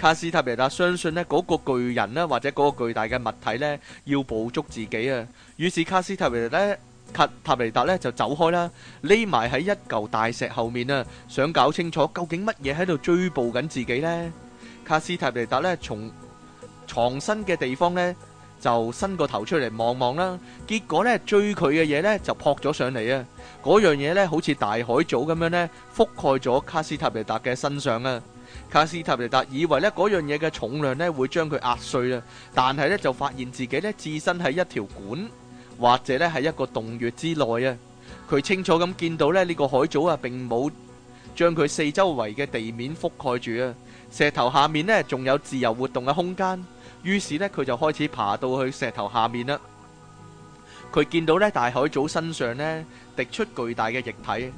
卡斯塔尼達相信咧嗰個巨人咧或者嗰個巨大嘅物體咧要捕捉自己啊，於是卡斯塔尼達咧卡塔尼達咧就走開啦，匿埋喺一嚿大石後面啊，想搞清楚究竟乜嘢喺度追捕緊自己咧。卡斯塔尼達咧從藏身嘅地方咧就伸個頭出嚟望望啦，結果咧追佢嘅嘢咧就撲咗上嚟啊！嗰樣嘢咧好似大海藻咁樣咧覆蓋咗卡斯塔尼達嘅身上啊！卡斯塔尼達以為咧嗰樣嘢嘅重量咧會將佢壓碎啦，但係咧就發現自己咧置身喺一條管或者咧喺一個洞穴之內啊！佢清楚咁見到咧呢個海藻啊並冇將佢四周圍嘅地面覆蓋住啊！石頭下面咧仲有自由活動嘅空間，於是咧佢就開始爬到去石頭下面啦。佢見到呢大海藻身上咧滴出巨大嘅液體。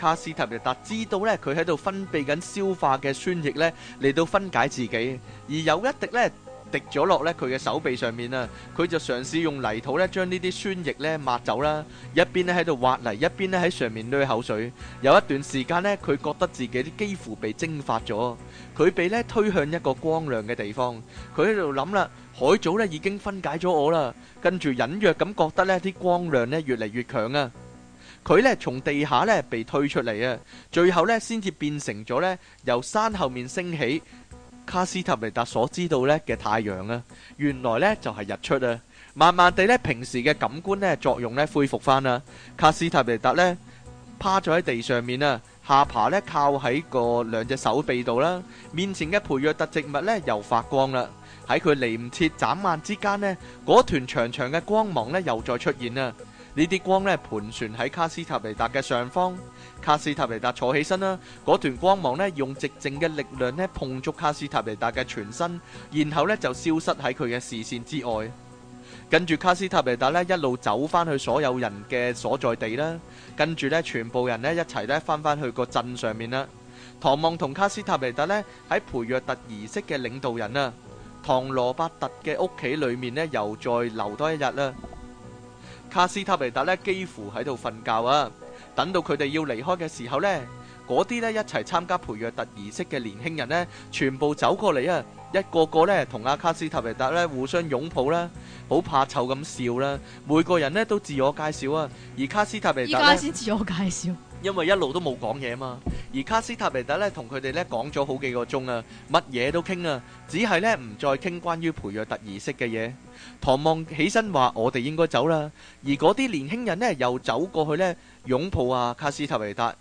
卡斯塔皮達知道咧，佢喺度分泌緊消化嘅酸液咧，嚟到分解自己。而有一滴咧，滴咗落咧佢嘅手臂上面啊，佢就嘗試用泥土咧，將呢啲酸液咧抹走啦。一邊咧喺度挖泥，一邊咧喺上面咧口水。有一段時間咧，佢覺得自己幾乎被蒸發咗，佢被咧推向一個光亮嘅地方。佢喺度諗啦，海藻咧已經分解咗我啦。跟住隱約咁覺得咧，啲光亮咧越嚟越強啊！佢咧從地下咧被推出嚟啊，最後咧先至變成咗咧由山後面升起。卡斯塔尼達所知道咧嘅太陽啊，原來咧就係、是、日出啊！慢慢地咧，平時嘅感官咧作用咧恢復翻啦。卡斯塔尼達咧趴咗喺地上面啦，下巴咧靠喺個兩隻手臂度啦，面前嘅培約特植物咧又發光啦。喺佢嚟唔切眨眼之間咧，嗰團長長嘅光芒咧又再出現啦。呢啲光呢，盤旋喺卡斯塔尼達嘅上方，卡斯塔尼達坐起身啦，嗰團光芒呢，用寂靜嘅力量呢，碰觸卡斯塔尼達嘅全身，然後呢，就消失喺佢嘅視線之外。跟住卡斯塔尼達呢，一路走返去所有人嘅所在地啦，跟住呢，全部人呢，一齊呢，返返去個鎮上面啦。唐望同卡斯塔尼達呢，喺培約特儀式嘅領導人啦，唐羅伯特嘅屋企裏面呢，又再留多一日啦。卡斯塔尼達咧幾乎喺度瞓覺啊！等到佢哋要離開嘅時候呢，嗰啲咧一齊參加培約特儀式嘅年輕人呢，全部走過嚟啊！一個一個咧同阿卡斯塔尼達咧互相擁抱啦、啊，好怕醜咁笑啦、啊！每個人呢都自我介紹啊，而卡斯塔尼達依家先自我介紹。因為一路都冇講嘢嘛，而卡斯塔維特咧同佢哋咧講咗好幾個鐘啊，乜嘢都傾啊，只係呢唔再傾關於培約特儀式嘅嘢。唐望起身話，我哋應該走啦。而嗰啲年輕人呢，又走過去呢，擁抱啊卡斯塔維特，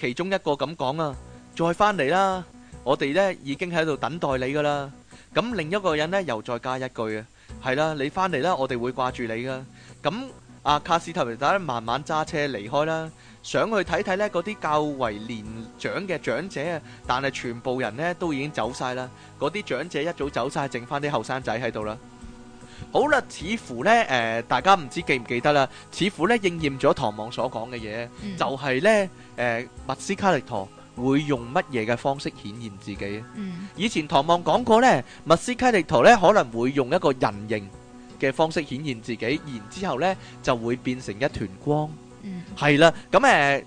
其中一個咁講啊，再翻嚟啦，我哋呢已經喺度等待你噶啦。咁另一個人呢，又再加一句啊，係啦，你翻嚟啦，我哋會掛住你噶。咁啊，卡斯塔維特慢慢揸車離開啦。想去睇睇呢嗰啲較為年長嘅長者啊，但係全部人呢都已經走晒啦。嗰啲長者一早走晒，剩翻啲後生仔喺度啦。好啦，似乎呢，誒、呃，大家唔知記唔記得啦？似乎呢應驗咗唐望所講嘅嘢，嗯、就係呢誒，麥、呃、斯卡力陀會用乜嘢嘅方式顯現自己？嗯、以前唐望講過呢，麥斯卡力陀呢可能會用一個人形嘅方式顯現自己，然之後呢就會變成一團光。嗯，係啦，咁誒，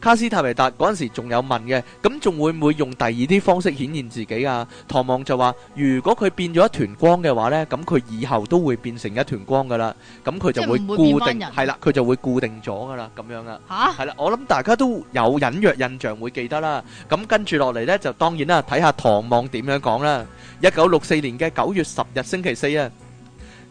卡斯泰維達嗰陣時仲有問嘅，咁仲會唔會用第二啲方式顯現自己啊？唐望就話，如果佢變咗一團光嘅話咧，咁佢以後都會變成一團光噶啦，咁佢就會固定，係啦，佢就會固定咗噶啦，咁樣啦，吓，係啦，我諗大家都有隱約印象會記得啦，咁跟住落嚟咧，就當然啦，睇下唐望點樣講啦。一九六四年嘅九月十日星期四啊，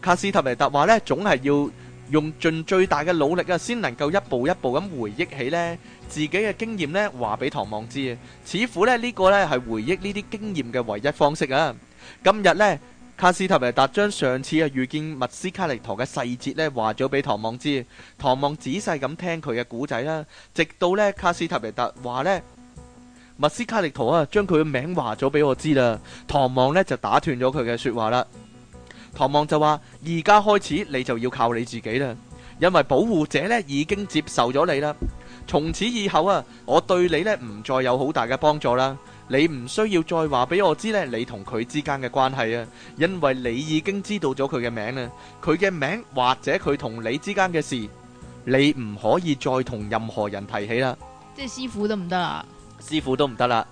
卡斯泰維達話咧，總係要。用盡最大嘅努力啊，先能夠一步一步咁回憶起呢自己嘅經驗呢話俾唐望知啊。似乎咧呢個咧係回憶呢啲經驗嘅唯一方式啊。今日呢，卡斯塔尼達將上次啊遇見密斯卡力托嘅細節呢話咗俾唐望知，唐望仔細咁聽佢嘅故仔啦，直到呢卡斯塔尼達話呢密斯卡力托啊，將佢嘅名話咗俾我知啦，唐望呢就打斷咗佢嘅説話啦。唐望就話：而家開始你就要靠你自己啦，因為保護者咧已經接受咗你啦。從此以後啊，我對你咧唔再有好大嘅幫助啦。你唔需要再話俾我知咧，你同佢之間嘅關係啊，因為你已經知道咗佢嘅名啦。佢嘅名或者佢同你之間嘅事，你唔可以再同任何人提起啦。即係師傅都唔得啦，師傅都唔得啦。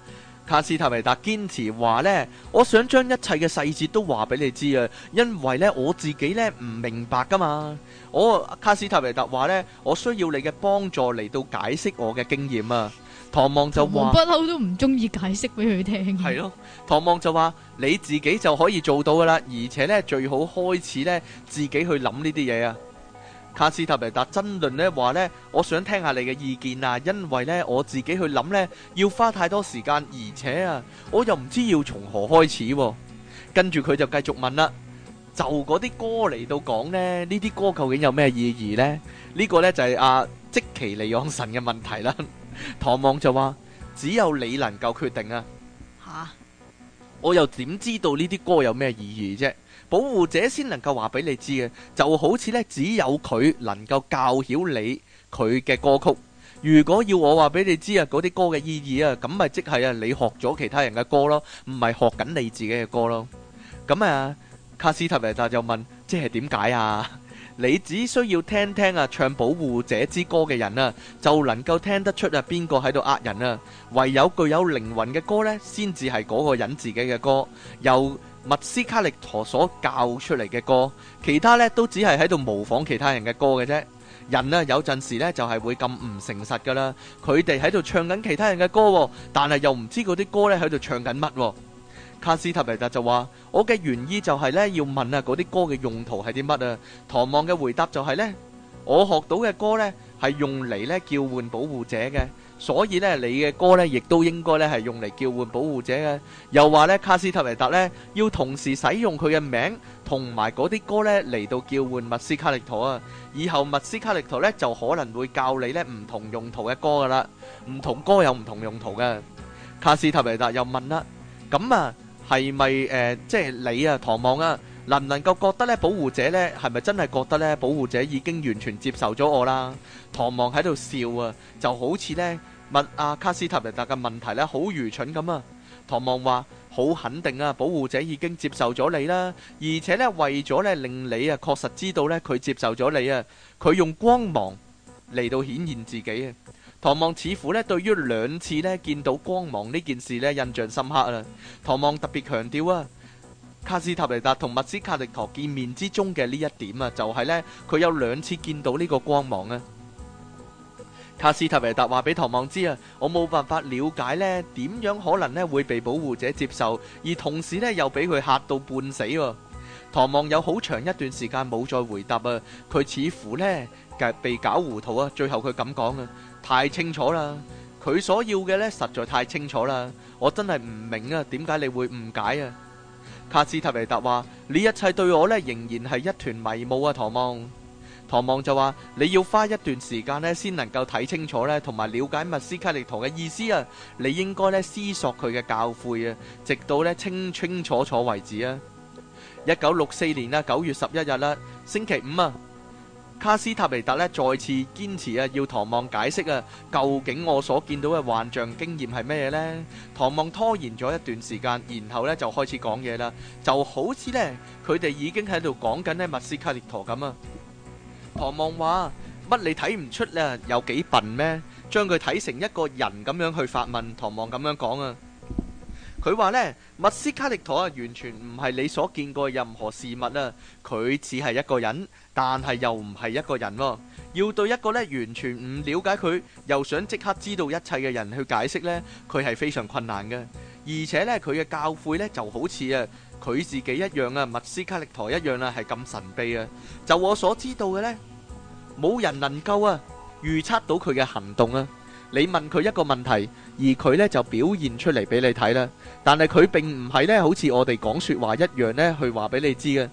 卡斯塔尼達堅持話呢，我想將一切嘅細節都話俾你知啊，因為呢，我自己呢唔明白噶嘛。我卡斯塔尼達話呢，我需要你嘅幫助嚟到解釋我嘅經驗啊。唐望就話，不嬲都唔中意解釋俾佢聽。係咯，唐望就話你自己就可以做到噶啦，而且呢，最好開始呢，自己去諗呢啲嘢啊。卡斯塔尼達爭論呢話呢，我想聽下你嘅意見啊，因為呢，我自己去諗呢，要花太多時間，而且啊我又唔知要從何開始，啊。跟住佢就繼續問啦，就嗰啲歌嚟到講呢，呢啲歌究竟有咩意義呢？呢，這個呢，就係阿即其利用神嘅問題啦。 唐望就話只有你能夠決定啊。吓哈！我又點知道呢啲歌有咩意義啫？保護者先能夠話俾你知嘅，就好似呢，只有佢能夠教曉你佢嘅歌曲。如果要我話俾你知啊，嗰啲歌嘅意義啊，咁咪即係啊，你學咗其他人嘅歌咯，唔係學緊你自己嘅歌咯。咁啊，卡斯特維達就問：即係點解啊？ 你只需要聽聽啊，唱保護者之歌嘅人啊，就能夠聽得出啊，邊個喺度呃人啊？唯有具有靈魂嘅歌呢，先至係嗰個人自己嘅歌。又麥斯卡力陀所教出嚟嘅歌，其他呢都只係喺度模仿其他人嘅歌嘅啫。人呢有陣時呢就係、是、會咁唔誠實噶啦。佢哋喺度唱緊其他人嘅歌，但係又唔知嗰啲歌呢喺度唱緊乜。卡斯塔皮特就話：我嘅原意就係呢，要問啊嗰啲歌嘅用途係啲乜啊。唐望嘅回答就係呢：「我學到嘅歌呢，係用嚟呢叫喚保護者嘅。所以咧，你嘅歌咧，亦都應該咧係用嚟叫喚保護者嘅。又話咧，卡斯塔維達咧要同時使用佢嘅名同埋嗰啲歌咧，嚟到叫喚麥斯卡力陀啊。以後麥斯卡力陀咧就可能會教你咧唔同用途嘅歌噶啦，唔同歌有唔同用途嘅。卡斯塔維達又問啦：咁啊，係咪誒，即係你啊，唐望啊？能唔能夠覺得咧？保護者咧係咪真係覺得咧？保護者已經完全接受咗我啦？唐望喺度笑啊，就好似呢，問阿卡斯塔尼達嘅問題咧，好愚蠢咁啊！唐望話好肯定啊，保護者已經接受咗你啦，而且咧為咗咧令你啊確實知道咧佢接受咗你啊，佢用光芒嚟到顯現自己啊！唐望似乎呢，對於兩次呢見到光芒呢件事呢印象深刻啊。唐望特別強調啊！卡斯塔維達同麥斯卡力陀見面之中嘅呢一點啊，就係咧佢有兩次見到呢個光芒啊。卡斯塔維達話俾唐望知啊，我冇辦法了解咧，點樣可能咧會被保護者接受，而同時咧又俾佢嚇到半死。唐望有好長一段時間冇再回答啊，佢似乎咧被搞糊塗啊。最後佢咁講啊，太清楚啦，佢所要嘅咧實在太清楚啦，我真係唔明啊，點解你會誤解啊？卡斯塔尼達話：你一切對我咧，仍然係一團迷霧啊！唐望，唐望就話：你要花一段時間咧，先能夠睇清楚咧，同埋了解麥斯卡力陀嘅意思啊！你應該咧思索佢嘅教誨啊，直到咧清清楚楚為止啊！一九六四年啊，九月十一日啦，星期五啊。卡斯塔尼特咧再次堅持啊，要唐望解釋啊，究竟我所見到嘅幻象經驗係咩呢？唐望拖延咗一段時間，然後咧就開始講嘢啦，就好似咧佢哋已經喺度講緊咧麥斯卡力陀咁啊。唐望話：乜你睇唔出咧有幾笨咩？將佢睇成一個人咁樣去發問。唐望咁樣講啊。佢話咧，麥斯卡力陀啊，完全唔係你所見過任何事物啊！佢只係一個人，但係又唔係一個人。要對一個咧完全唔了解佢，又想即刻知道一切嘅人去解釋咧，佢係非常困難嘅。而且咧，佢嘅教誨咧就好似啊佢自己一樣啊，麥斯卡力陀一樣啦，係咁神秘啊！就我所知道嘅咧，冇人能夠啊預測到佢嘅行動啊！你問佢一個問題。而佢呢，就表現出嚟俾你睇啦，但係佢並唔係呢，好似我哋講說話一樣呢，去話俾你知嘅。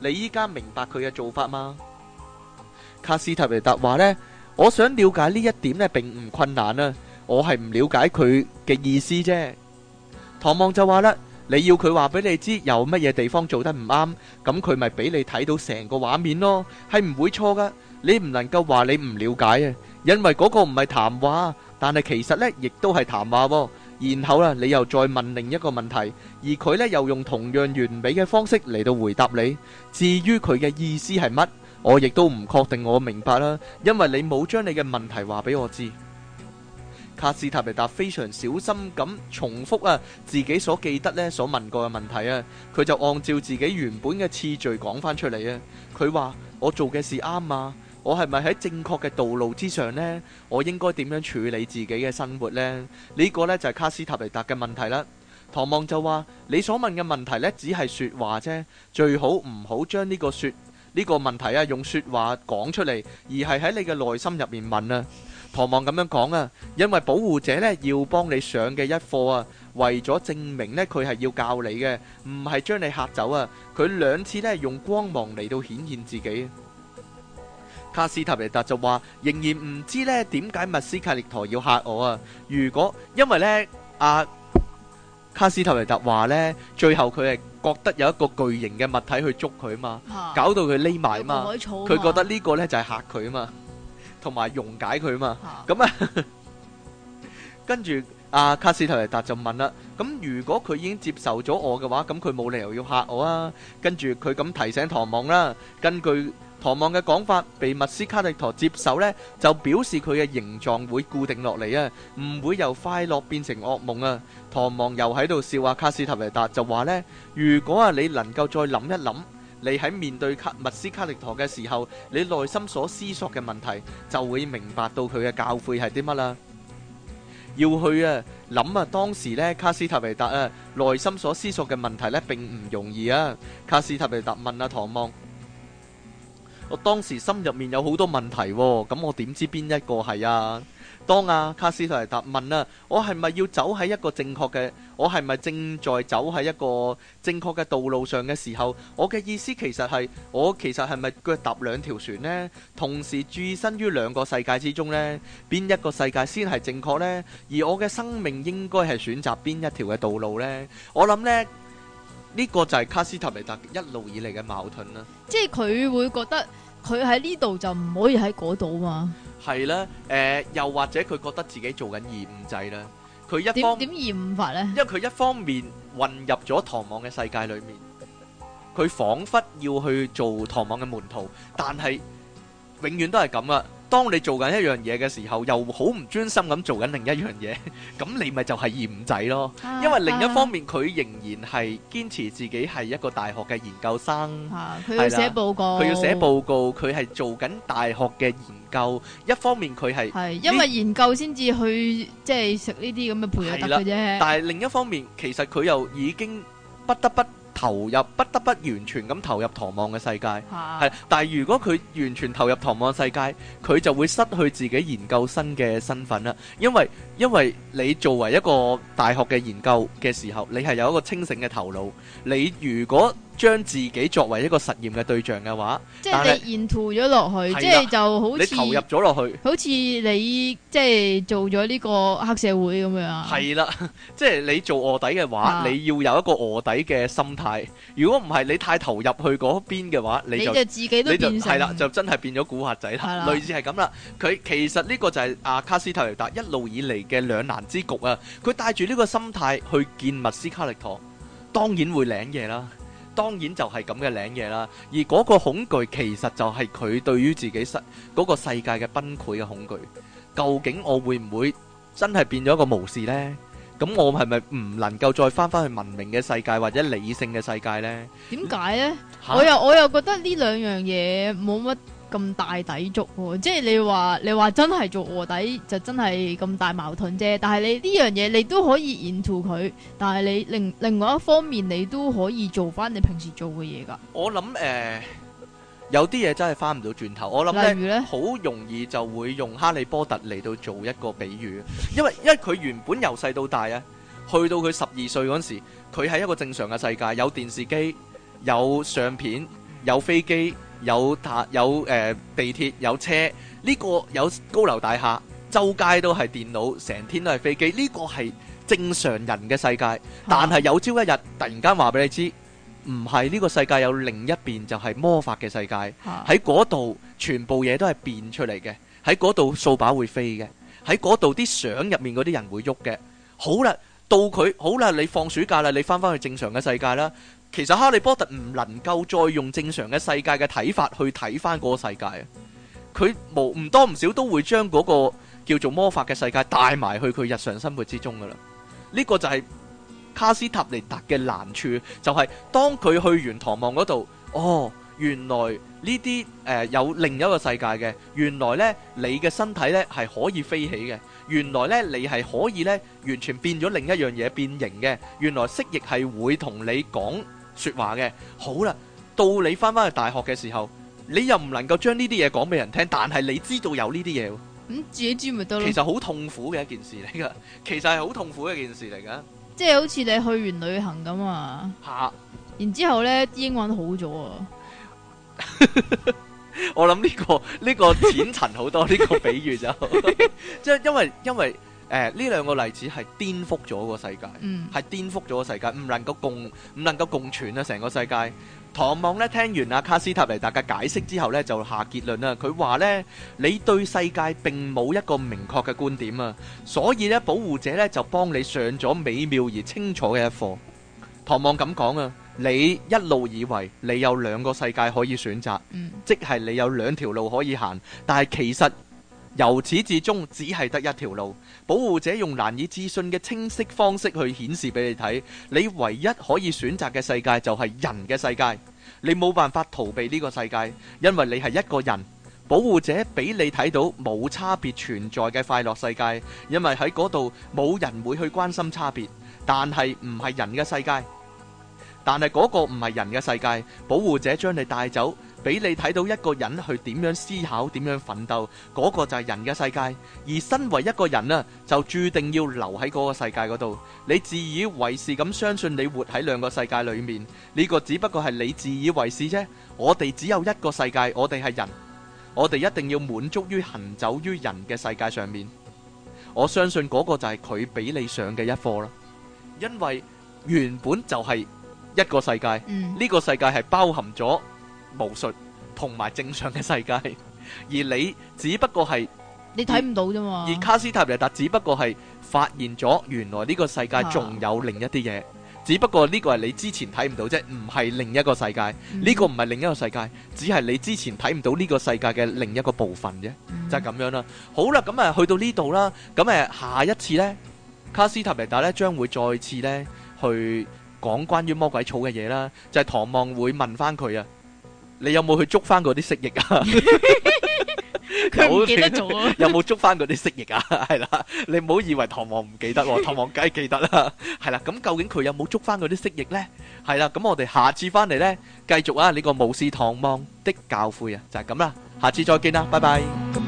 你依家明白佢嘅做法嗎？卡斯特維達話呢，我想了解呢一點呢，並唔困難啊。我係唔了解佢嘅意思啫。唐望就話啦，你要佢話俾你知有乜嘢地方做得唔啱，咁佢咪俾你睇到成個畫面咯，係唔會錯噶。你唔能夠話你唔了解啊，因為嗰個唔係談話。但係其實呢，亦都係談話。然後啦、啊，你又再問另一個問題，而佢呢，又用同樣完美嘅方式嚟到回答你。至於佢嘅意思係乜，我亦都唔確定我明白啦，因為你冇將你嘅問題話俾我知。卡斯塔尼達非常小心咁重複啊，自己所記得呢，所問過嘅問題啊，佢就按照自己原本嘅次序講翻出嚟啊。佢話我做嘅事啱呀。我係咪喺正確嘅道路之上呢？我應該點樣處理自己嘅生活呢？呢個呢，就係卡斯塔尼達嘅問題啦。唐望就話：你所問嘅問題呢，只係說話啫，最好唔好將呢個說呢個問題啊，用說話講出嚟，而係喺你嘅內心入面問啊。唐望咁樣講啊，因為保護者呢，要幫你上嘅一課啊，為咗證明呢，佢係要教你嘅，唔係將你嚇走啊。佢兩次呢，用光芒嚟到顯現自己。卡斯提尼達就話仍然唔知咧，點解麥斯卡力陀要吓我啊！如果因為咧，阿卡斯提尼達話咧，最後佢係覺得有一個巨型嘅物體去捉佢嘛，搞到佢匿埋嘛，佢覺得呢個咧就係吓佢嘛，同埋溶解佢嘛，咁啊，跟住阿卡斯提尼達就問啦，咁如果佢已經接受咗我嘅話，咁佢冇理由要吓我啊！跟住佢咁提醒唐望啦，根據。唐望嘅講法被麥斯卡力陀接受咧，就表示佢嘅形狀會固定落嚟啊，唔會由快樂變成噩夢啊。唐望又喺度笑啊，卡斯特維達就話咧：如果啊你能夠再諗一諗，你喺面對卡麥斯卡力陀嘅時候，你內心所思索嘅問題，就會明白到佢嘅教誨係啲乜啦。要去啊諗啊，當時咧卡斯特維達啊內心所思索嘅問題咧，並唔容易啊。卡斯特維達問啊唐望。我當時心入面有好多問題，哦，咁我點知邊一個係啊？當阿、啊、卡斯提達問啊，我係咪要走喺一個正確嘅？我係咪正在走喺一個正確嘅道路上嘅時候？我嘅意思其實係，我其實係咪腳踏兩條船呢？同時置身於兩個世界之中呢？邊一個世界先係正確呢？而我嘅生命應該係選擇邊一條嘅道路呢？我諗呢？呢個就係卡斯特尼達一路以嚟嘅矛盾啦，即係佢會覺得佢喺呢度就唔可以喺嗰度嘛，係啦，啊，誒、呃、又或者佢覺得自己做緊二五仔啦，佢一方點二五法呢？因為佢一方面混入咗唐望嘅世界裏面，佢彷彿要去做唐望嘅門徒，但係永遠都係咁啊！當你做緊一樣嘢嘅時候，又好唔專心咁做緊另一 樣嘢，咁你咪就係賢仔咯。啊、因為另一方面，佢、啊、仍然係堅持自己係一個大學嘅研究生，佢、啊、要寫報告，佢要寫報告，佢係做緊大學嘅研究。一方面佢係因為研究先至去即係食呢啲咁嘅配嘢得嘅啫，但係另一方面，其實佢又已經不得不。投入，不得不完全咁投入唐望嘅世界，係、啊、但係如果佢完全投入唐望世界，佢就會失去自己研究生嘅身份啦。因為因為你作為一個大學嘅研究嘅時候，你係有一個清醒嘅頭腦，你如果將自己作為一個實驗嘅對象嘅話，即係你沿途咗落去，的即係就好似你投入咗落去，好似你即係做咗呢個黑社會咁樣。係啦，即係你做臥底嘅話，的你要有一個臥底嘅心態。如果唔係你太投入去嗰邊嘅話，你就，你就自己都變晒。係啦，就真係變咗古惑仔啦。的類似係咁啦，佢其實呢個就係、是、阿、啊、卡斯特雷達一路以嚟嘅兩難之局啊。佢帶住呢個心態去見麥斯卡力陀，當然會領嘢啦。當然就係咁嘅領嘢啦，而嗰個恐懼其實就係佢對於自己世嗰、嗰個世界嘅崩潰嘅恐懼。究竟我會唔會真係變咗一個巫士呢？咁我係咪唔能夠再返返去文明嘅世界或者理性嘅世界呢？點解呢？啊、我又我又覺得呢兩樣嘢冇乜。咁大抵觸、啊，即係你話你話真係做臥底就真係咁大矛盾啫。但係你呢樣嘢你都可以演脫佢，但係你另另外一方面你都可以做翻你平時做嘅嘢噶。我諗誒、呃，有啲嘢真係翻唔到轉頭。我諗例如咧，好容易就會用哈利波特嚟到做一個比喻，因為因為佢原本由細到大啊，去到佢十二歲嗰時，佢喺一個正常嘅世界，有電視機，有相片，有飛機。有塔有誒、呃、地鐵有車，呢、呢個有高樓大廈，周街都係電腦，成天都係飛機，呢、呢個係正常人嘅世界。啊、但係有朝一日，突然間話俾你知，唔係呢個世界有另一邊，就係魔法嘅世界。喺嗰度，全部嘢都係變出嚟嘅。喺嗰度，掃把會飛嘅。喺嗰度，啲相入面嗰啲人會喐嘅。好啦，到佢好啦，你放暑假啦，你翻返去正常嘅世界啦。其實哈利波特唔能夠再用正常嘅世界嘅睇法去睇翻嗰個世界，佢無唔多唔少都會將嗰個叫做魔法嘅世界帶埋去佢日常生活之中噶啦。呢個就係卡斯塔尼達嘅難處，就係當佢去完唐望嗰度，哦，原來呢啲誒有另一個世界嘅，原來呢，你嘅身體呢係可以飛起嘅，原來呢，你係可以呢完全變咗另一樣嘢變形嘅，原來蜥蜴係會同你講。說話嘅，好啦，到你翻翻去大學嘅時候，你又唔能夠將呢啲嘢講俾人聽，但係你知道有呢啲嘢，咁、嗯、自己知咪得咯？其實好痛苦嘅一件事嚟噶。其實係好痛苦嘅一件事嚟噶，即係好似你去完旅行咁啊，吓，然之後咧，英文好咗啊， 我諗呢、這個呢、這個淺層好多呢 個比喻就好， 即係因為因為。因為誒，呢兩個例子係顛覆咗個世界，係、嗯、顛覆咗個世界，唔能夠共唔能夠共存啊！成個世界，唐望咧聽完阿卡斯塔尼達嘅解釋之後咧，就下結論啦。佢話咧，你對世界並冇一個明確嘅觀點啊，所以咧保護者咧就幫你上咗美妙而清楚嘅一課。唐望咁講啊，你一路以為你有兩個世界可以選擇，嗯、即係你有兩條路可以行，但係其實由始至終只係得一條路。保護者用難以置信嘅清晰方式去顯示俾你睇，你唯一可以選擇嘅世界就係人嘅世界，你冇辦法逃避呢個世界，因為你係一個人。保護者俾你睇到冇差別存在嘅快樂世界，因為喺嗰度冇人會去關心差別，但係唔係人嘅世界，但係嗰個唔係人嘅世界，保護者將你帶走。俾你睇到一個人去點樣思考，點樣奮鬥，嗰個就係人嘅世界。而身為一個人啊，就注定要留喺嗰個世界嗰度。你自以為是咁相信你活喺兩個世界裏面，呢個只不過係你自以為是啫。我哋只有一個世界，我哋係人，我哋一定要滿足於行走於人嘅世界上面。我相信嗰個就係佢俾你上嘅一課啦，因為原本就係一個世界，嗯、呢個世界係包含咗。巫術同埋正常嘅世界，而你只不過係你睇唔到啫嘛。而卡斯塔尼達只不過係發現咗，原來呢個世界仲有另一啲嘢。啊、只不過呢個係你之前睇唔到啫，唔係另一個世界。呢、嗯、個唔係另一個世界，只係你之前睇唔到呢個世界嘅另一個部分啫。嗯、就係咁樣啦。好啦，咁啊，去到呢度啦。咁誒，下一次呢，卡斯塔尼達呢將會再次呢去講關於魔鬼草嘅嘢啦。就係、是、唐望會問翻佢啊。你有冇去捉翻嗰啲蜥蜴啊？唔 記得 有冇捉翻嗰啲蜥蜴啊？係 啦，你唔好以為唐望唔記， 記得，唐望梗係記得啦。係啦，咁究竟佢有冇捉翻嗰啲蜥蜴咧？係 啦，咁我哋下次翻嚟咧，繼續啊！呢、這個巫士唐望的教誨啊，就係、是、咁啦，下次再見啦，拜拜。